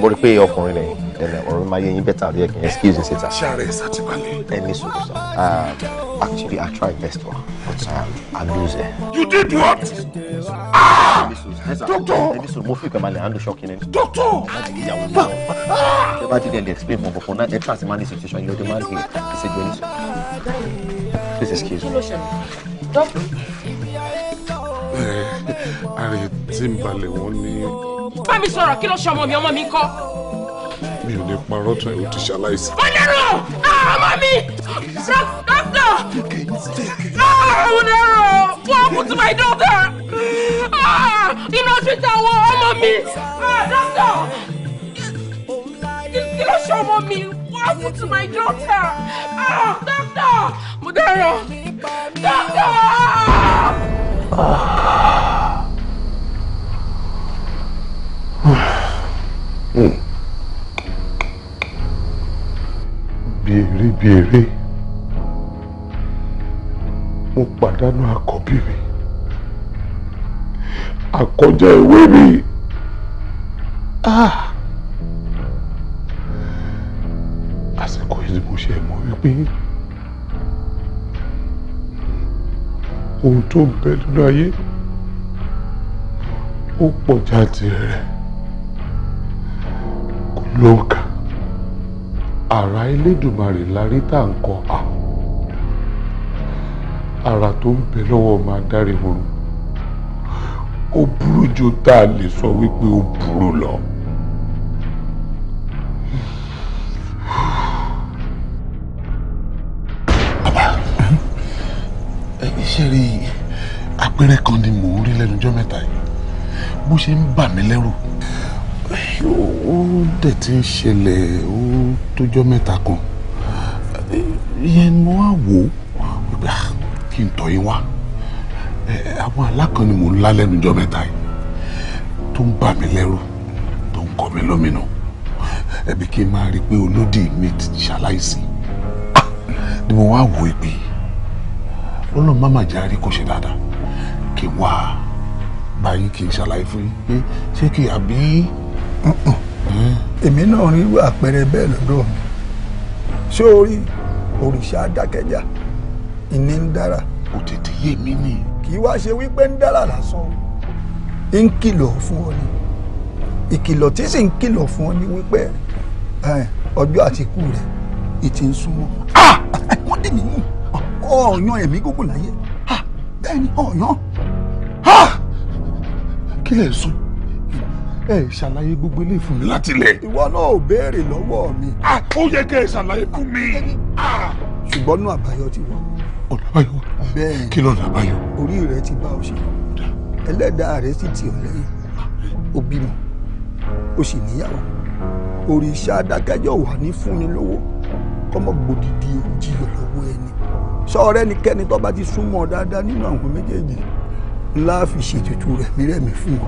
mo rí pé ọkùnrin rẹ̀ ẹ̀rẹ̀ ọ̀rọ̀ máa yẹ yín bẹ́tà rí ẹ̀kìn excuse me sita. ṣáàrẹ̀ ẹ̀ actually I try best for but I lose. you did what? doctor. mo fi ìpè máa handle shock yẹn. doctor. ẹ bá jíjẹ lè explain mo bọ̀fọ̀ náà ẹ try to manage the situation you dey manage it. ẹ ṣe jẹ́ ẹni please excuse me. doctor tí ń balẹ̀ wọ́n ní. bá mi sọ̀rọ̀ kí ló ṣe ọmọ mi ọmọ mi kọ́. mi ò ní parọ́ tán ìwọ ti ṣaláìsí. ó lérò ah, ọmọ mi dókítà ó ah, wọ́n kú tí my daughter ah, iná hospital wọ ọmọ mi dókítà kí ló ṣe ọmọ mi wọ́n kú tí my daughter dókítà mo dẹ̀rọ̀ Ah. èrè bí èrè mo pàdánù àkọ́bí mi àkọjá ìwé mi ah! àsìkò yìí ni mo ṣe mọ̀ wípé ohun tó ń bẹ nínú ayé ó pọ̀ jáde rẹ̀ kò lóǹkà àrà elédùnmarè la rí tá à ń kọ à àrà tó ń bẹ lọ́wọ́ ọmọ adarí wọn ó burú ju tá a lè sọ wípé ó burú lọ. bàbá iṣẹ́ rí apẹ̀rẹ̀ kan ni mò ń rí lẹ́nu ọjọ́ mẹ́ta yìí bó ṣe ń bà mí lẹ́rù ó dẹ̀ ti ń ṣẹlẹ̀ ó tójọ́ mẹ́ta kan ìyẹn ni wọ́n á wò ó wípé ah, kí n tọ̀ yín wá àwọn alákan ni mò ń lá lẹ́nu jọ́ mẹ́ta yìí tó ń bà mí lẹ́rù tó ń kọ́ mi lómìnà ẹbí kí n máa rí i pé olódì mi ti ṣaláìsí ah, ni mo wá wò ó pé lọ́nà má má járí kò ṣe dáadáa kí n wá báyìí kí n ṣàlàyé fún yín pé ṣé kí àbí. èmi náà rí àpẹẹrẹ bẹ́ẹ̀ lọ́dọ̀ mi ṣé o rí òrìṣà adákẹ́jà ìní ń dára. O tètè yé mi ni. kì í wá ṣe wípé ń dára lásán ń kìlọ̀ fún ọ ni ìkìlọ̀ tí sì ń kìlọ̀ fún ọ ni wípé ọjọ́ àtikú rẹ̀ ìtì ń súnmọ́. Ah! Ah! wọ́n dì mí yìí ọ̀yàn ẹ̀mí gúngùn láyé ah! bẹ́ẹ̀ ni ọ̀yàn kí lè sùn. ẹ ṣàlàyé gbogbo ilé fún mi. láti lẹ. ìwọ náà ò béèrè lọ́wọ́ mi. a ó yẹ kẹ́ ẹ ṣàlàyé fún mi. ṣùgbọ́n náà àbáyọ ti wà. ọ̀nà àbáyọ bẹ́ẹ̀ kí lọ́nà àbáyọ. orí rẹ ti bá ọ ṣe ẹlẹ́dàá rẹ sì tì ọ lẹ́yìn ó bímọ ó sì níyàwó òrìṣà adákẹ́jọ́ wà ní fúnni lówó kọ́mọ gbòdìdì òjìyà lọ́wọ́ ẹni sọ́ọ̀rẹ́ nìkẹ́ni tó bá ti súnmọ́ dáadáa nínú àwọn méjèèjì ńlá fi ṣètùtù rẹ̀mí rẹ̀mí fún ọ.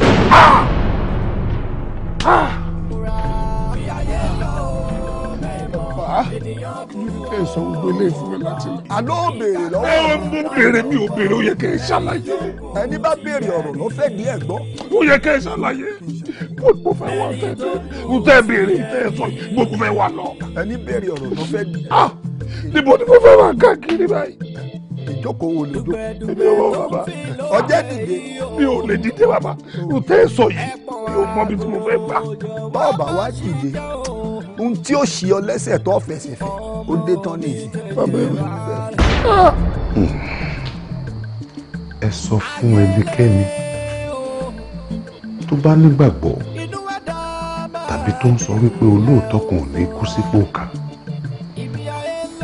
kẹ́ ẹ sọ gbogbo eléyìí fún mi láti lọ. àná ò ẹ mo béèrè mi ò béèrè ó yẹ kẹ́ ẹ ṣàlàyé. ẹni bá béèrè ọ̀rọ̀ ló fẹ́ di ẹ̀ gbọ́. ó yẹ kẹ́ ẹ ṣàlàyé mo fẹ́ wà tẹ́ mo tẹ́ béèrè tẹ́ ẹ sọ mo fẹ́ wà lọ. ẹni béèrè ọ̀rọ̀ ló fẹ́ di. Ah, níbo ni mo fẹ́ wà káàkiri báyìí ìjókòó wo lè èmi ò mọ bàbá ọjọ́ dìde mi ò lè dìde bàbá o tẹ́ sọ yìí mi ò mọ bí mo fẹ́ gbà. bá ọ̀bà ó dé tán nìyí. ẹ sọ fún ẹnikẹ́ni tó bá nígbàgbọ́ tàbí tó ń sọ wípé olóòótọ́ kan ò ní kú sípò kà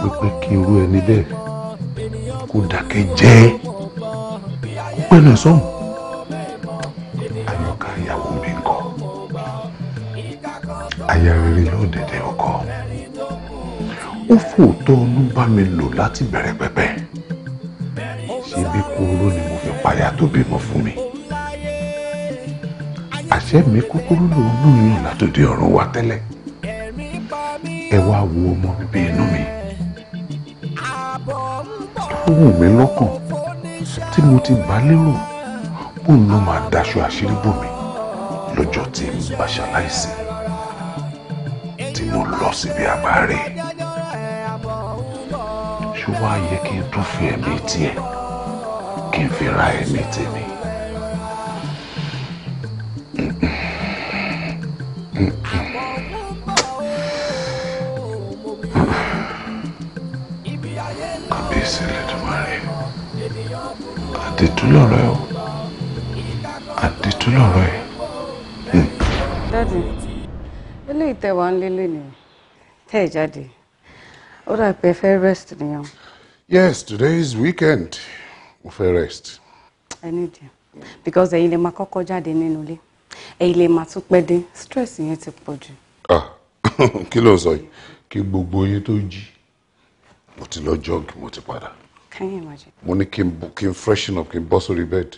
wípé kí irú ẹni bẹ́ẹ̀ kó dákẹ́ jẹ́ kó pẹ́ẹ́nà sọ́hùn àyọkà ìyàwó mi ń kọ́ aya rere ló ọkọ ó fòótọ́ ọnú bá mi lò láti bẹ̀rẹ̀ pẹ̀pẹ̀ ṣé bí kúrú ni mo fi payá tó bímọ fún mi àṣẹ mi kúkúrú lòun náà yàn látòdì ọ̀run wa tẹ́lẹ̀ ẹ wá wo ọmọ bíbí inú mi ó wù mí lọ́kàn tí mo ti bá lérò bóun ló máa daṣọ àṣírí bò mí lọ́jọ́ tí n bá ṣaláìsí tí mo lọ síbi àbá rèé ṣó wá yẹ kí n tún fi ẹ̀mí tiẹ̀ kí n fi ra ẹ̀mí tèmi. kábíyèsí lẹ́dùnmáre àdètú lọ́rọ̀ ẹ̀ o àdètú lọ́rọ̀ ẹ̀. dáàdì eléyìí tẹ wá ń lélẹ̀ nìyẹn tẹ́ ẹ̀ jáde ó dà pé ẹ fẹ́ rest nìyẹn yes today is weekend mo a rest. ẹ ní ìdí because ẹ̀yin lè máa kọ́kọ́ jáde nínú ilé ẹ̀yin lè máa tún pẹ́ dé stress yẹn ti pọ̀ jù. ah kí ló ń sọ yìí kí gbogbo yín tó jí mo ti lọ jog mo ti padà. can you imagine. mo ní kí n kí n freshen up kí n bọ́ sórí bed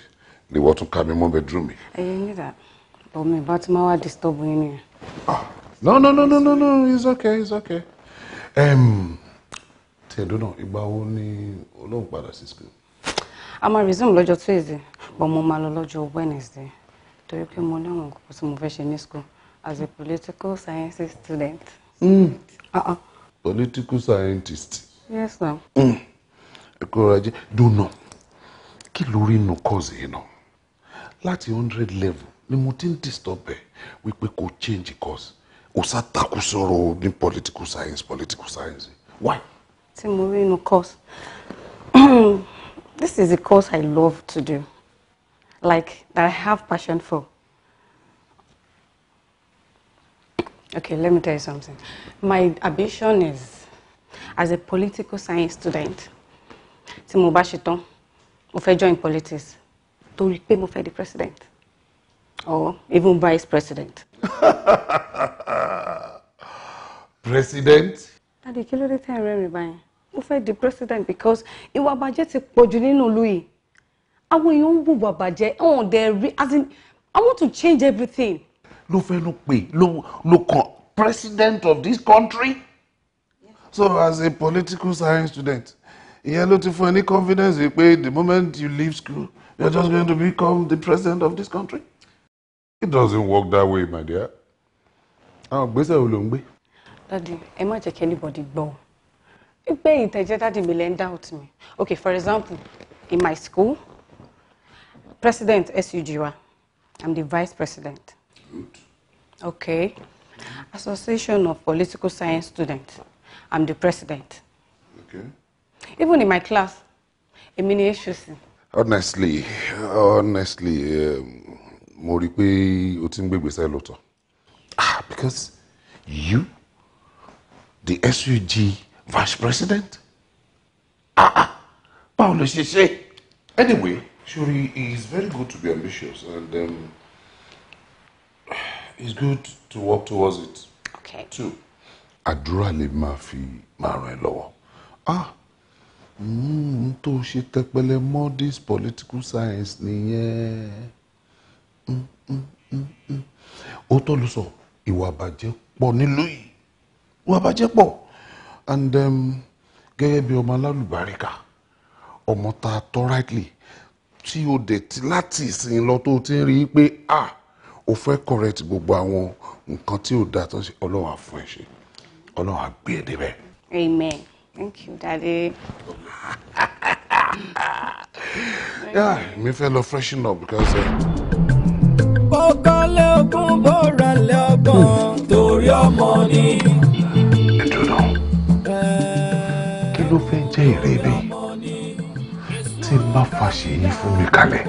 ni wọ́n tún ká mi mọ́ bedroom mi. ẹ̀yin ní ìdá bọ̀mí ìbá tí máa wá disturb yín nìyẹn. ah no no no no no no it's okay it's okay. Um, tẹ̀dọ́nà ìgbà wo ni olóhùn padà sí school. a máa resume lọ́jọ́ tuesday but mo máa lọ lọ́jọ́ wednesday torí pé mo ní nǹkan tí mo fẹ́ ṣe ní school as a political science student. Mm. uh political scientist. yes sir. Hmm. ẹ̀kọ́ ọ̀rọ̀ ajé dùnà kí lórí inú course yìí náà láti hundred level ni mo ti ń disturb ẹ wípé kò change course o sá takú ní political science political science why tí mo rí course this is a course I love to do like that I have passion for. Okay, let me tell you something. My ambition is as a political science student tí mo bá ṣetán mo fẹ́ join politics torí pé mo fẹ́ di president or even vice president. president. Dàdí kí ló dé tẹ́ ẹ̀rẹ́ mi báyìí? mo fẹ́ di president because ìwà àbàjẹ́ ti pọ̀jù nínú ìlú yìí àwọn èèyàn ń wùwà àbàjẹ́ ọ̀hún dẹ̀ rí as in I want to change everything. ló fẹ́ ló pè ló ló kàn president of this country. so as a political science student ìyẹn ló ti fún ẹ ní confidence pé the moment you leave school you are just going to become the president of this country. it doesn't work that way my dear. àwọn ìgbésẹ̀ wo ló ń gbé. dadi ẹ má jẹ́ kí anybody gbọ́ pé ìtẹ̀jẹ́ dáàdì mi lẹ́ ń doubt mi okay for example in my school president SUG wa I'm the vice president Good. okay association of political science students I'm the president okay. even in my class èmi ni HOC. honestly honestly um, mo rí i pé o ti ń gbégbé sẹ́yìn lọ́tọ̀ ah because you the SUG vice president ah ah báwo ló ṣe anyway sori he is very good to be ambitious and um, it's good to work towards it. okay too. àdúrà lè máa fi máa ràn ẹ́ lọ́wọ́ ah mm, n tó ṣe tẹpẹlẹ mọ́ this political science nìyẹn mm, mm, ó tọ́ ló sọ ìwà àbàjẹ́ pọ̀ nílùú yìí iwa baje pọ̀ and um, gẹ́gẹ́ bí ọmọ alálùbáríkà ọmọ tá a tọ́ rightly tí o dẹ̀ ti láti ìsìn lọ tó ti ń rí i pé ah o fẹ́ correct gbogbo àwọn nǹkan tí o dà tó ṣe ọlọ́run á ẹ ṣe ọlọ́run á gbé débẹ̀. amen thank you daddy. yeah, mi fẹ́ lọ freshen up because. Uh, eh, ọkàn lé ogún torí ọmọ ni. jẹ́ èrè mi tí n bá fa ṣèyí fún mi kalẹ̀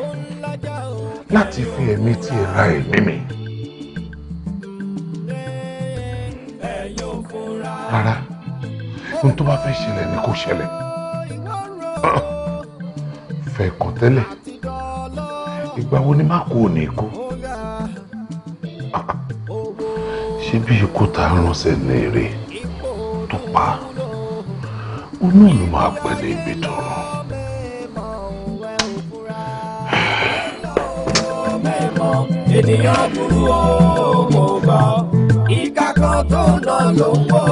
láti fi ẹ̀mí tí ì ra ẹ̀mí mi. rárá ohun tó bá fẹ́ ṣẹlẹ̀ ni kò ṣẹlẹ̀ fẹ́ kàn tẹ́lẹ̀ ìgbà wo ni má kú ò kú ṣé bí ikú ta ránṣẹ́ ní èrè tó pa á inú ẹ̀ ló máa pẹ̀lẹ́ ibi tọrọ. ènìyàn burú o mo gbọ́ tó nà ló ń wò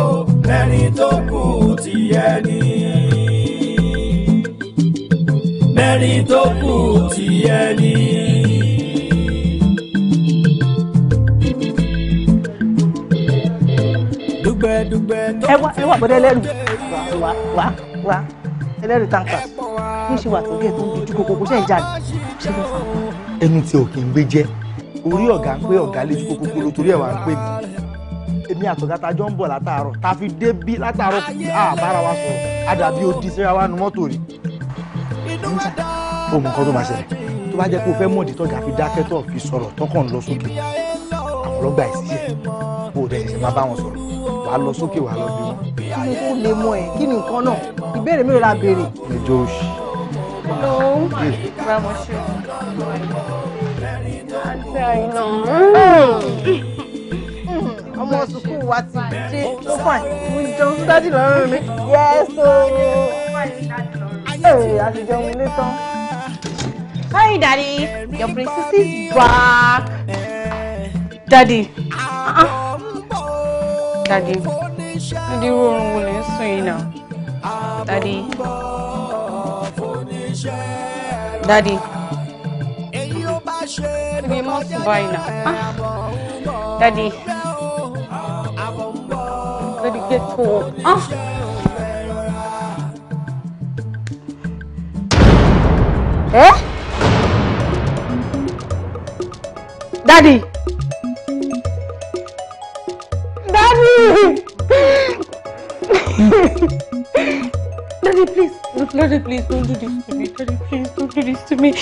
ẹni tó kù ti ẹni. mẹ́rin tó kù ti ẹni. dùgbẹ̀dùgbẹ̀ ẹ wá ẹ wá bọ́dẹ́ lẹ́nu wá wá wá ẹlẹ́rìí táǹkà bí ṣe wà tókè tó ń dojú kòkò kó ṣe ń jáde ṣe ló fà á. ẹnu tí o kì í gbé jẹ orí ọ̀gá ń pé ọ̀gá lè ju kòkò kó lo torí ẹ̀ wá ń pè mí èmi àtọ̀gá jọ ń bọ̀ látàárọ̀ ta fi dé bí látàárọ̀ a bára wa sọ̀rọ̀ a o di síra wa nu mọ́tò rí. níta o nǹkan tó máa ṣẹlẹ̀ tó bá jẹ́ pé o fẹ́ mọ̀dí tọ́jà fi dákẹ́ tó fi sọ̀rọ̀ tọkàn lọ sókè àwọn ọlọ́gbà ẹ̀ síṣẹ́ bó o dẹ̀ ṣe máa bá wọn sọ̀rọ̀ wàá lọ sókè wàá lọ bí wọn kí ni mọ ẹ kí ni nǹkan náà ìbéèrè mélòó la béèrè. ẹjọ òṣì. ló ń bá mo ṣe o. àti àìnà ọmọ sùkúù wa ti ṣe ó fàn mo jẹun sádì lọ́rùn mi. yẹ́sọ̀ ẹ̀ àtijọ́ mi lé tán. Hi, Daddy. Your princess is back. Daddy. Uh-uh. Daddy. Daddy, rọrùn wo lè ń sùn yìí náà? Dádì. Dádì. Ebi mọ́ sùn get cold. Ah. Eh? Dádì. Lord, please don't do this to me. Lord, please don't do this to me.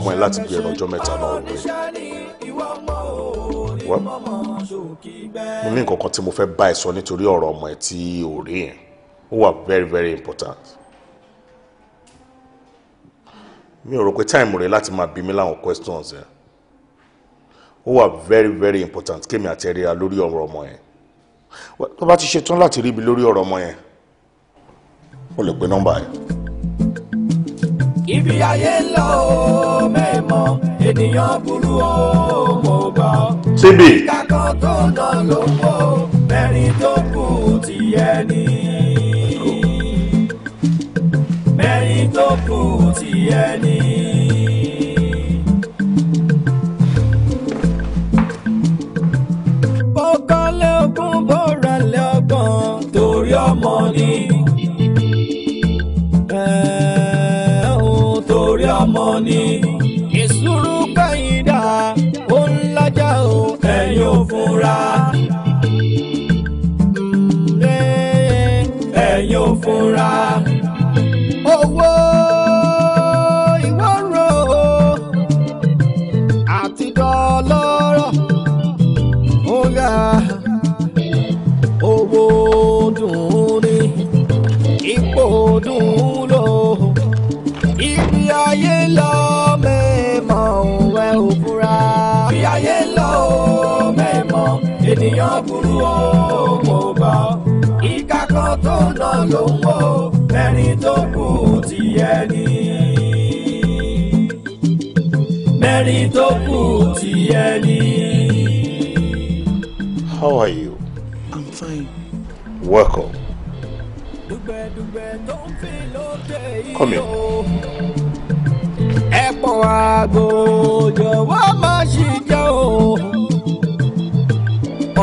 ọmọ ẹ láti bí ẹnu ọjọ́ mẹ́ta náà rẹ wọ́n mo ní nǹkan tí mo fẹ́ bá ẹ sọ nítorí ọ̀rọ̀ ọmọ ẹ tí ò rí yẹn ó wà very very important mi ò rò pé time rẹ láti máa bí mi láwọn questions yẹn ó wà very very important kémi àti ẹ ríra lórí ọ̀rọ̀ ọmọ yẹn tó bá ti ṣetán láti rí lórí ọ̀rọ̀ ọmọ yẹn o lè pe nọ́mbà yẹn ibi ayé lọ mẹ́mọ́ ènìyàn burú o mo gbọ́. síbi. kíkàkan tó nà ló ń mẹ́rin tó kù ti yẹ mẹ́rin tó kù ti yẹ ni ìṣúrù kẹ́yìndà ó ń lájà o ẹ̀yin ò fura. ẹ̀yin ò fura. owó ìwọ́rọ̀ àti dọ́lọ́rọ̀ ó ga owó dùn ní ipò dùn fìyàyé lọ mẹ́mọ̀ òwe òkúra. fìyàyé lọ mẹ́mọ̀ ènìyàn burú o kò ìka kan tó nà ló ń wò mẹ́rin tó kù ti yẹ ni. mẹ́rin tó kù ti yẹ ni. How are you? I'm fine. Welcome. Come here pọ̀ àgò jẹ̀wọ́ má ṣì jẹ́ o.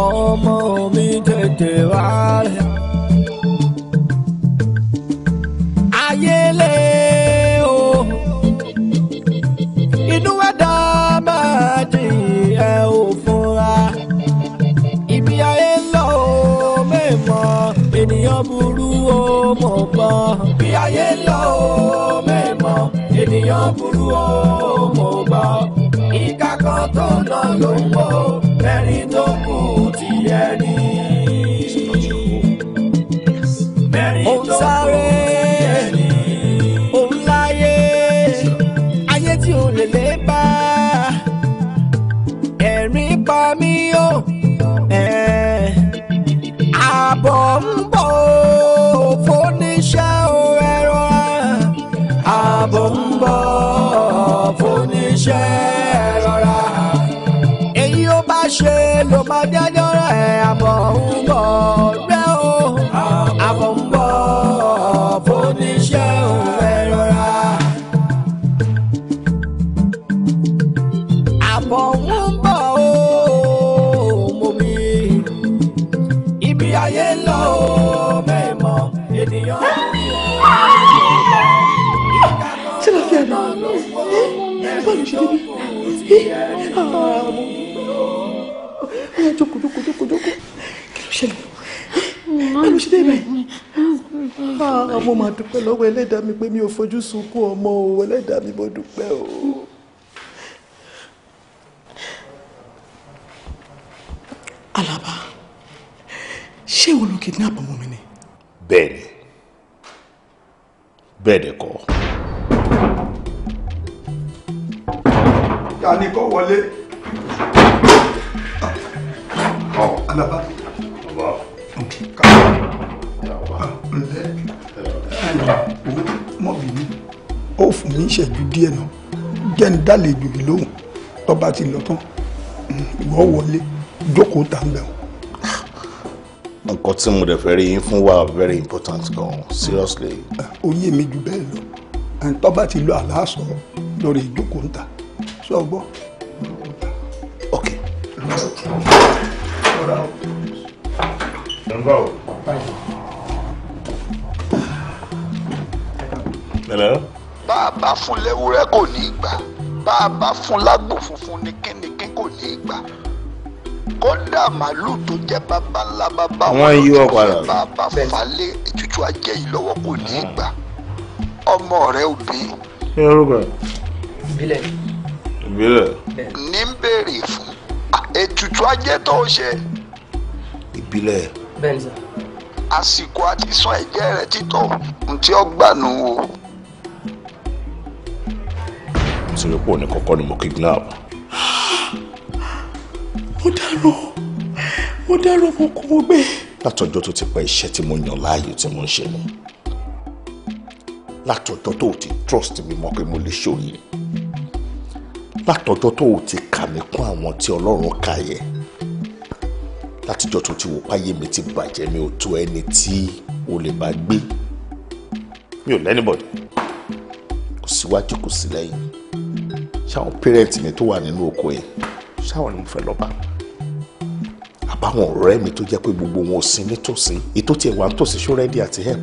ọmọ mi tètè wá rẹ̀. ayélé o inú wa dá máa dì ẹ ò fúnra. ibi ayé ń lọ o mẹ́mọ́ ènìyàn burú o mọ̀ gbọ́n. bí ayé lọ o ènìyàn burú o mo gbọ́ ìka tó nà ló ń wò mẹ́rin tó kù ti ni. mẹ́rin tó kù. Yeah. mo máa dúpẹ́ lọ́wọ́ ẹlẹ́dàá mi pé mi ò fojú sunkún ọmọ o ẹlẹ́dàá mi mo dúpẹ́ o. lè gbìgbì lóhùn tó bá ti lọ tán ìwọ wọlé jókòó tà ń bẹ̀rù. nǹkan tí mo dẹ̀ fẹ́ rí yín fún wa very important gan seriously. ó yé mi jù bẹ́ẹ̀ lọ tó bá ti lọ àlàásọ lórí ìjókòó ń ta ṣé o gbọ́. ok. Hello. bá a kò ní í bá a bá fún lágbò funfun ni kínníkí kò ní gbà kódà màálù tó jẹ bàbá ńlá bàbá wọn yí ọkọ rẹ bá a bá falẹ ètùtù ajé yìí lọ́wọ́ kò ní gbà ọmọ rẹ òbí. kí ló rúkọ ẹ. ìbílẹ̀. ní ń béèrè fún ètùtù ajé tó ṣe. ìbílẹ̀. bẹ́ẹ̀ ni sà. àsìkò àti sọ ẹ̀jẹ̀ rẹ títọ̀ ntí ọgbà nù o tí rí pò ní kọ́kọ́ ni mo kidnap. mo dárò mo dárò mo kò mo gbé. látọjọ́ tó ti pa iṣẹ́ tí mo yàn láàyò tí mo ń ṣe ni látọjọ́ tó o ti trust mi mọ̀ pé mo lè ṣòye látọjọ́ tó o ti kà mí kún àwọn tí Ọlọ́run kà yẹ látijọ́ tó ti wò páyé mi ti bàjẹ́ mi ò tó ẹni tí o lè bá gbé mi ò lẹ́nìbọ̀dì kò síwájú kò sí lẹ́yìn ṣáwọn parent mi tó wà nínú oko yẹn ṣáwọn ni mo fẹ́ lọ bá àbáwọn ọ̀rẹ́ mi tó jẹ́ pé gbogbo wọn ò sí nítòsí ètò tiẹ̀ wà nítòsí ṣó rẹ́dí àti help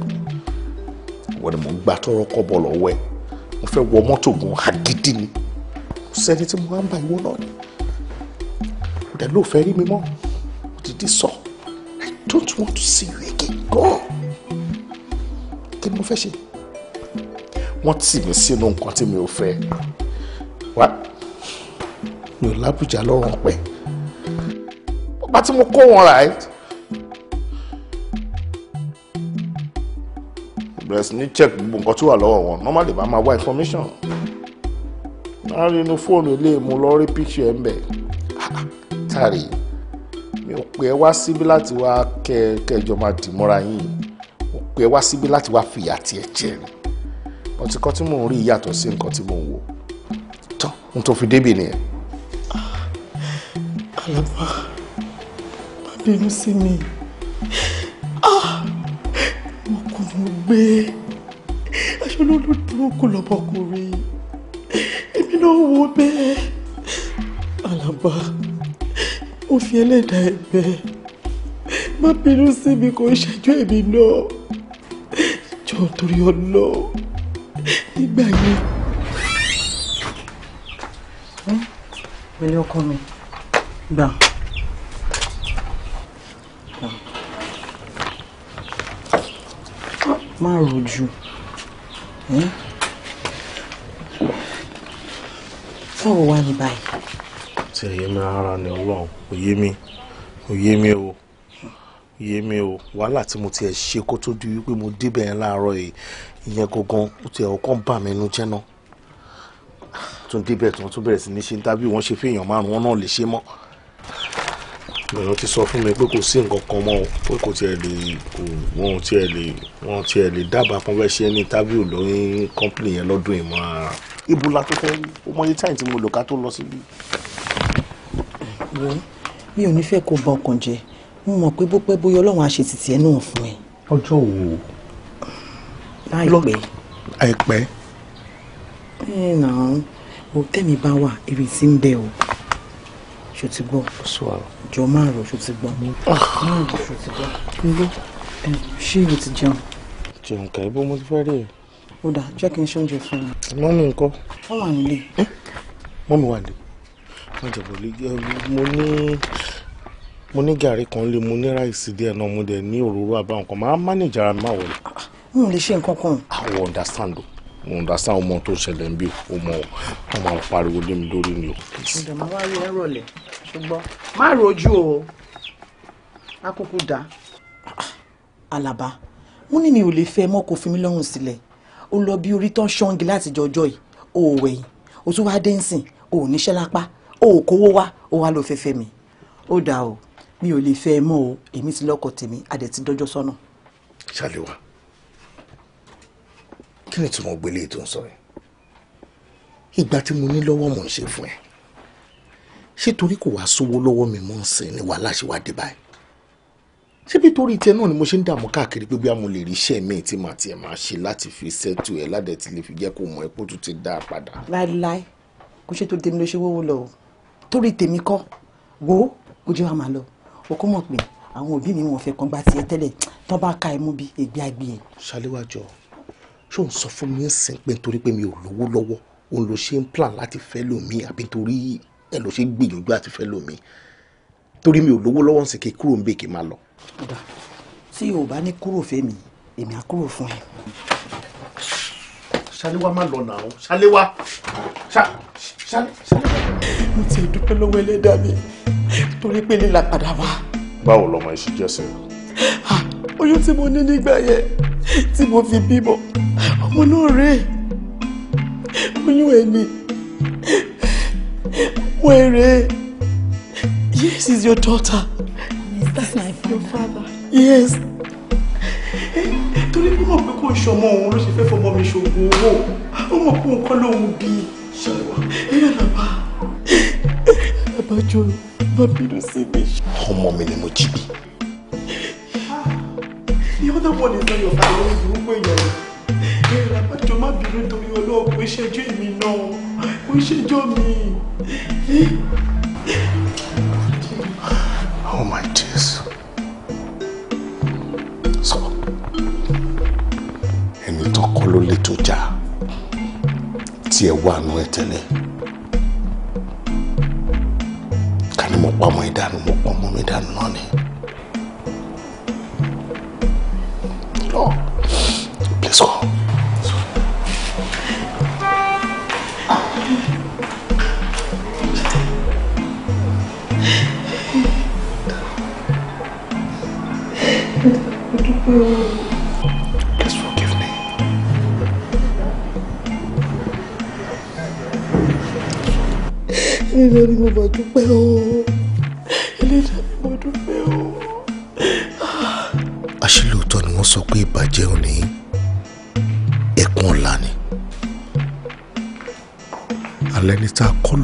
wọ́n ni mò ń gba tọ́rọ́ kọ́bọ̀ lọ́wọ́ ẹ̀ mo fẹ́ wọ mọ́tò gan agídí ni kò sẹ́ni tí mo máa ń bá ìwọ náà ni kò dẹ̀ lóò rí mi mọ́ kò dìde sọ I don't want to see you again go kí ni mo fẹ́ ṣe wọ́n tì mí sínú nǹkan tí mi ò fẹ́ wá mi ò lábùjá lọ́rùn pẹ́ ọba tí mo kó wọn rà ẹ́ bẹ̀rẹ̀ sí ní check gbogbo nǹkan tó wà lọ́wọ́ wọn normally bá máa wá information wọ́n rí inú fóònù ilé mo lọ rí picture ẹ̀ ń bẹ̀ ah, tàrí mi ò pè é wá síbí láti wá kẹ́ kẹjọ máa dì mọ́ra yín mo pè é wá síbí láti wá fìyà tiẹ̀ jẹ́ ni ọtí kan tí mò ń rí yàtọ̀ sí nǹkan tí mò ń wò n tó fi débì nìyẹn. alaba má bínú sí mi ah, mo kò mọ gbé aṣọ olódùn kò lọ́mọkùnrin èmi náà wò bẹ́ẹ̀ alaba mo fi ẹlẹ́dàá ẹ̀ bẹ́ẹ̀ má bínú sí mi kò ń ṣẹjọ́ èmi náà jọ̀ọ́ torí ọlọ́ọ̀ nígbà yẹn. pẹ̀lẹ́ ọkọ mi gbà. má rojú báwo wá ní báyìí. tí ẹ̀yẹ́ mi rárá ni ọlọ́run kò yé mi kò mi o yé mi o wàhálà tí mo tiẹ̀ ṣe kó tó di wípé mo débẹ̀ yẹn láàárọ̀ yìí ìyẹn gangan ó tiẹ̀ ọkàn bà mí nínú jẹ́ náà tún débẹ̀ tí wọ́n tún bẹ̀rẹ̀ sí ní ṣe interview wọ́n ṣe fẹ́yàn márùn wọn náà lè ṣe mọ́ èèyàn ti sọ fún mi pé kò sí nǹkan kan mọ́ o pé kò tiẹ̀ lè kò wọ́n tiẹ̀ lè wọ́n tiẹ̀ lè dábàá fún bẹ́ẹ̀ ṣe ní interview lóyún company yẹn lọ́dún yìí ara. ibo la tó fẹ́ o mọ iye táyì tí mo lò ká tó lọ síbí. wo mi ò ní fẹ́ kó ba ọkàn jẹ́ mo mọ̀ pé bó pẹ́ bóyá ọlọ́run á ṣe náà fún ẹ. ọjọ́ wo. láìpẹ́. àìpẹ́. ẹ gbogbo tẹ́mi bá wà ìrètí ń bẹ o ṣó ti gbọ́ jọ máa rò ṣó ti gbọ́ máa rò ṣó ti gbọ́ nlọ ṣé o ti jẹun. jẹun kà ibo mo ti fẹ́ rí ẹ. ó dà jẹ́ kí n ṣe oúnjẹ fún mi. mọ́mí nǹkan. wọ́n wà nílé. Hm? mọ́mí wà nílé wọ́n jẹ̀bọ̀ lé mo ní mo ní gàrí kan lé mo ní ráìsì díẹ̀ náà mo dẹ̀ ní òróró àbáwọn kan máa ń máa wọlé. n ò lè ṣe nǹkan kan. àwọn understand o mo understand ọmọ tó ṣẹlẹ̀ ń bí ọmọ ọmọ pariwo lé mi lórí ni o. ọ̀dọ̀ máa wá rí ẹ̀rọ̀lẹ̀ ṣùgbọ́n má rojú o akókó dá. alaba mo ní mi ò lè fẹ́ mọ́ kó fi mí lọ́rùn sílẹ̀ ó lọ bí orí tán ṣọ́ngi láti jọjọ́ yìí o ò wẹ̀yìn o tún wá dé ń sìn o ò níṣẹ́ lápá o ò kówó wá o wá lọ fẹ́ fẹ́ mi ó dà o mi ò lè fẹ́ mọ́ o èmi ti lọ́kọ tèmi adẹ̀ ti dọ́jọ́ sọ́nà. ṣàlẹ̀ kí ni ìtumọ̀ gbélé tó ń sọ yìí ìgbà tí mo ní lọ́wọ́ mò ń ṣe fún ẹ ṣé torí kò wá sówó lọ́wọ́ mi mọ́ ń sìn ni wàhálà ṣe wá dé báyìí ṣébí torí tiẹ̀ náà ni mo ṣe ń dààmú káàkiri pé bí mo lè rí iṣẹ́ mi tí màá tiẹ̀ máa ṣe láti fi ṣètò ẹ̀ ládẹ̀ tí lè fi jẹ́ kó mọ̀ ẹ́ kó tún ti dá a padà. láéláé kò ṣe tèmi ló ṣe wówó lọ o torí tèmi kọ́ wo kò jẹ́ wàá máa lọ o kò mọ̀ pé àwọn òbí mi wọn fẹ́ kan gbá tiẹ̀ tẹ́lẹ̀ tán bá ka ẹ̀ mú bí ègbé àgbé ẹ̀. ṣàléwájọ́ ṣó ń sọ fún mi ń sìn pé nítorí pé mi ò lówó lọ́wọ́ òun ló ṣe ń plan láti fẹ́ lómi àbí torí ẹ ló ṣe ń gbìyànjú àti fẹ́ lómi torí mi ò lówó lọ́wọ́ ń sìn kí kúrò ń bè kí máa lọ. tí o bá ní kúrò fẹ́mi èmi á kúrò fún ẹ. ṣáléwá má lọ nà ó ṣáléwá ṣáléwá. mo ti dúpẹ́ lọ́wọ́ ẹlẹ́dàá mi torí pé lílà padà wá. báwo lọmọ iṣu jẹ́ oyún tí mo ní nígbà yẹn tí mo fi bímọ ọmọ náà rèé oyún ẹ ọmọ ẹ rèé yes is your daughter. yes that's my your father. yes. torí bí mo pé kò ń ṣọmọ òun ló ṣe fẹ́ fọmọ mi ṣògùn owó ó mọ̀ pé nǹkan lòun bí i ṣàlùwà ẹ̀yà làbá àbájọ bá bínú sí mi. ọmọ mi ni mo jí bí the other one is not your father lórí burúkú èèyàn rẹ̀ àbájọ má bínú torí ọlọ́ọ̀ kò ṣẹjú náà kò ṣẹjọ́ mi. Oh my days. So, ẹni tán kọ́ ló lè tó jà tí ẹ wà nù ẹ tẹ́lẹ̀. ká ní mo pa ọmọ ìdánù mo pa ọmọ mi ìdánù náà ni. No. Please go. Please forgive me. Nígbà ni mo bá dúpẹ́ ooo.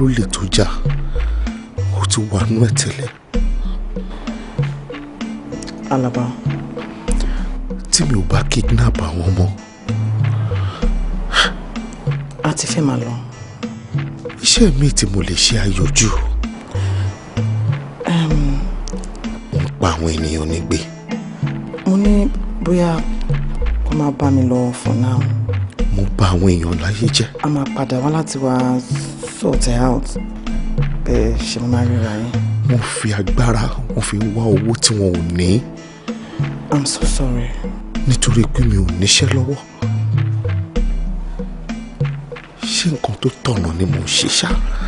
lólè tó já? ó ti wà nú ẹ̀ tẹ́lẹ̀. alaba. tí mi ò bá kidnap àwọn ọmọ. a ti fẹ́ máa lọ. iṣẹ́ mi tí mo lè ṣe ayọ̀jú. mo ń pa àwọn ènìyàn nígbè. mo ní bóyá kó máa bá mi lọ for now. mo bà àwọn èèyàn láyé jẹ́. a máa padà wá láti wá sort it out bẹ́ẹ̀ ṣe máa ríra yín. wọ́n fi agbára wọ́n fi wá owó tí wọn ò ní. i'm so sorry. nítorí pé mi ò níṣẹ́ lọ́wọ́ ṣé nǹkan tó tọ̀nà ni mò ń ṣe ṣáá.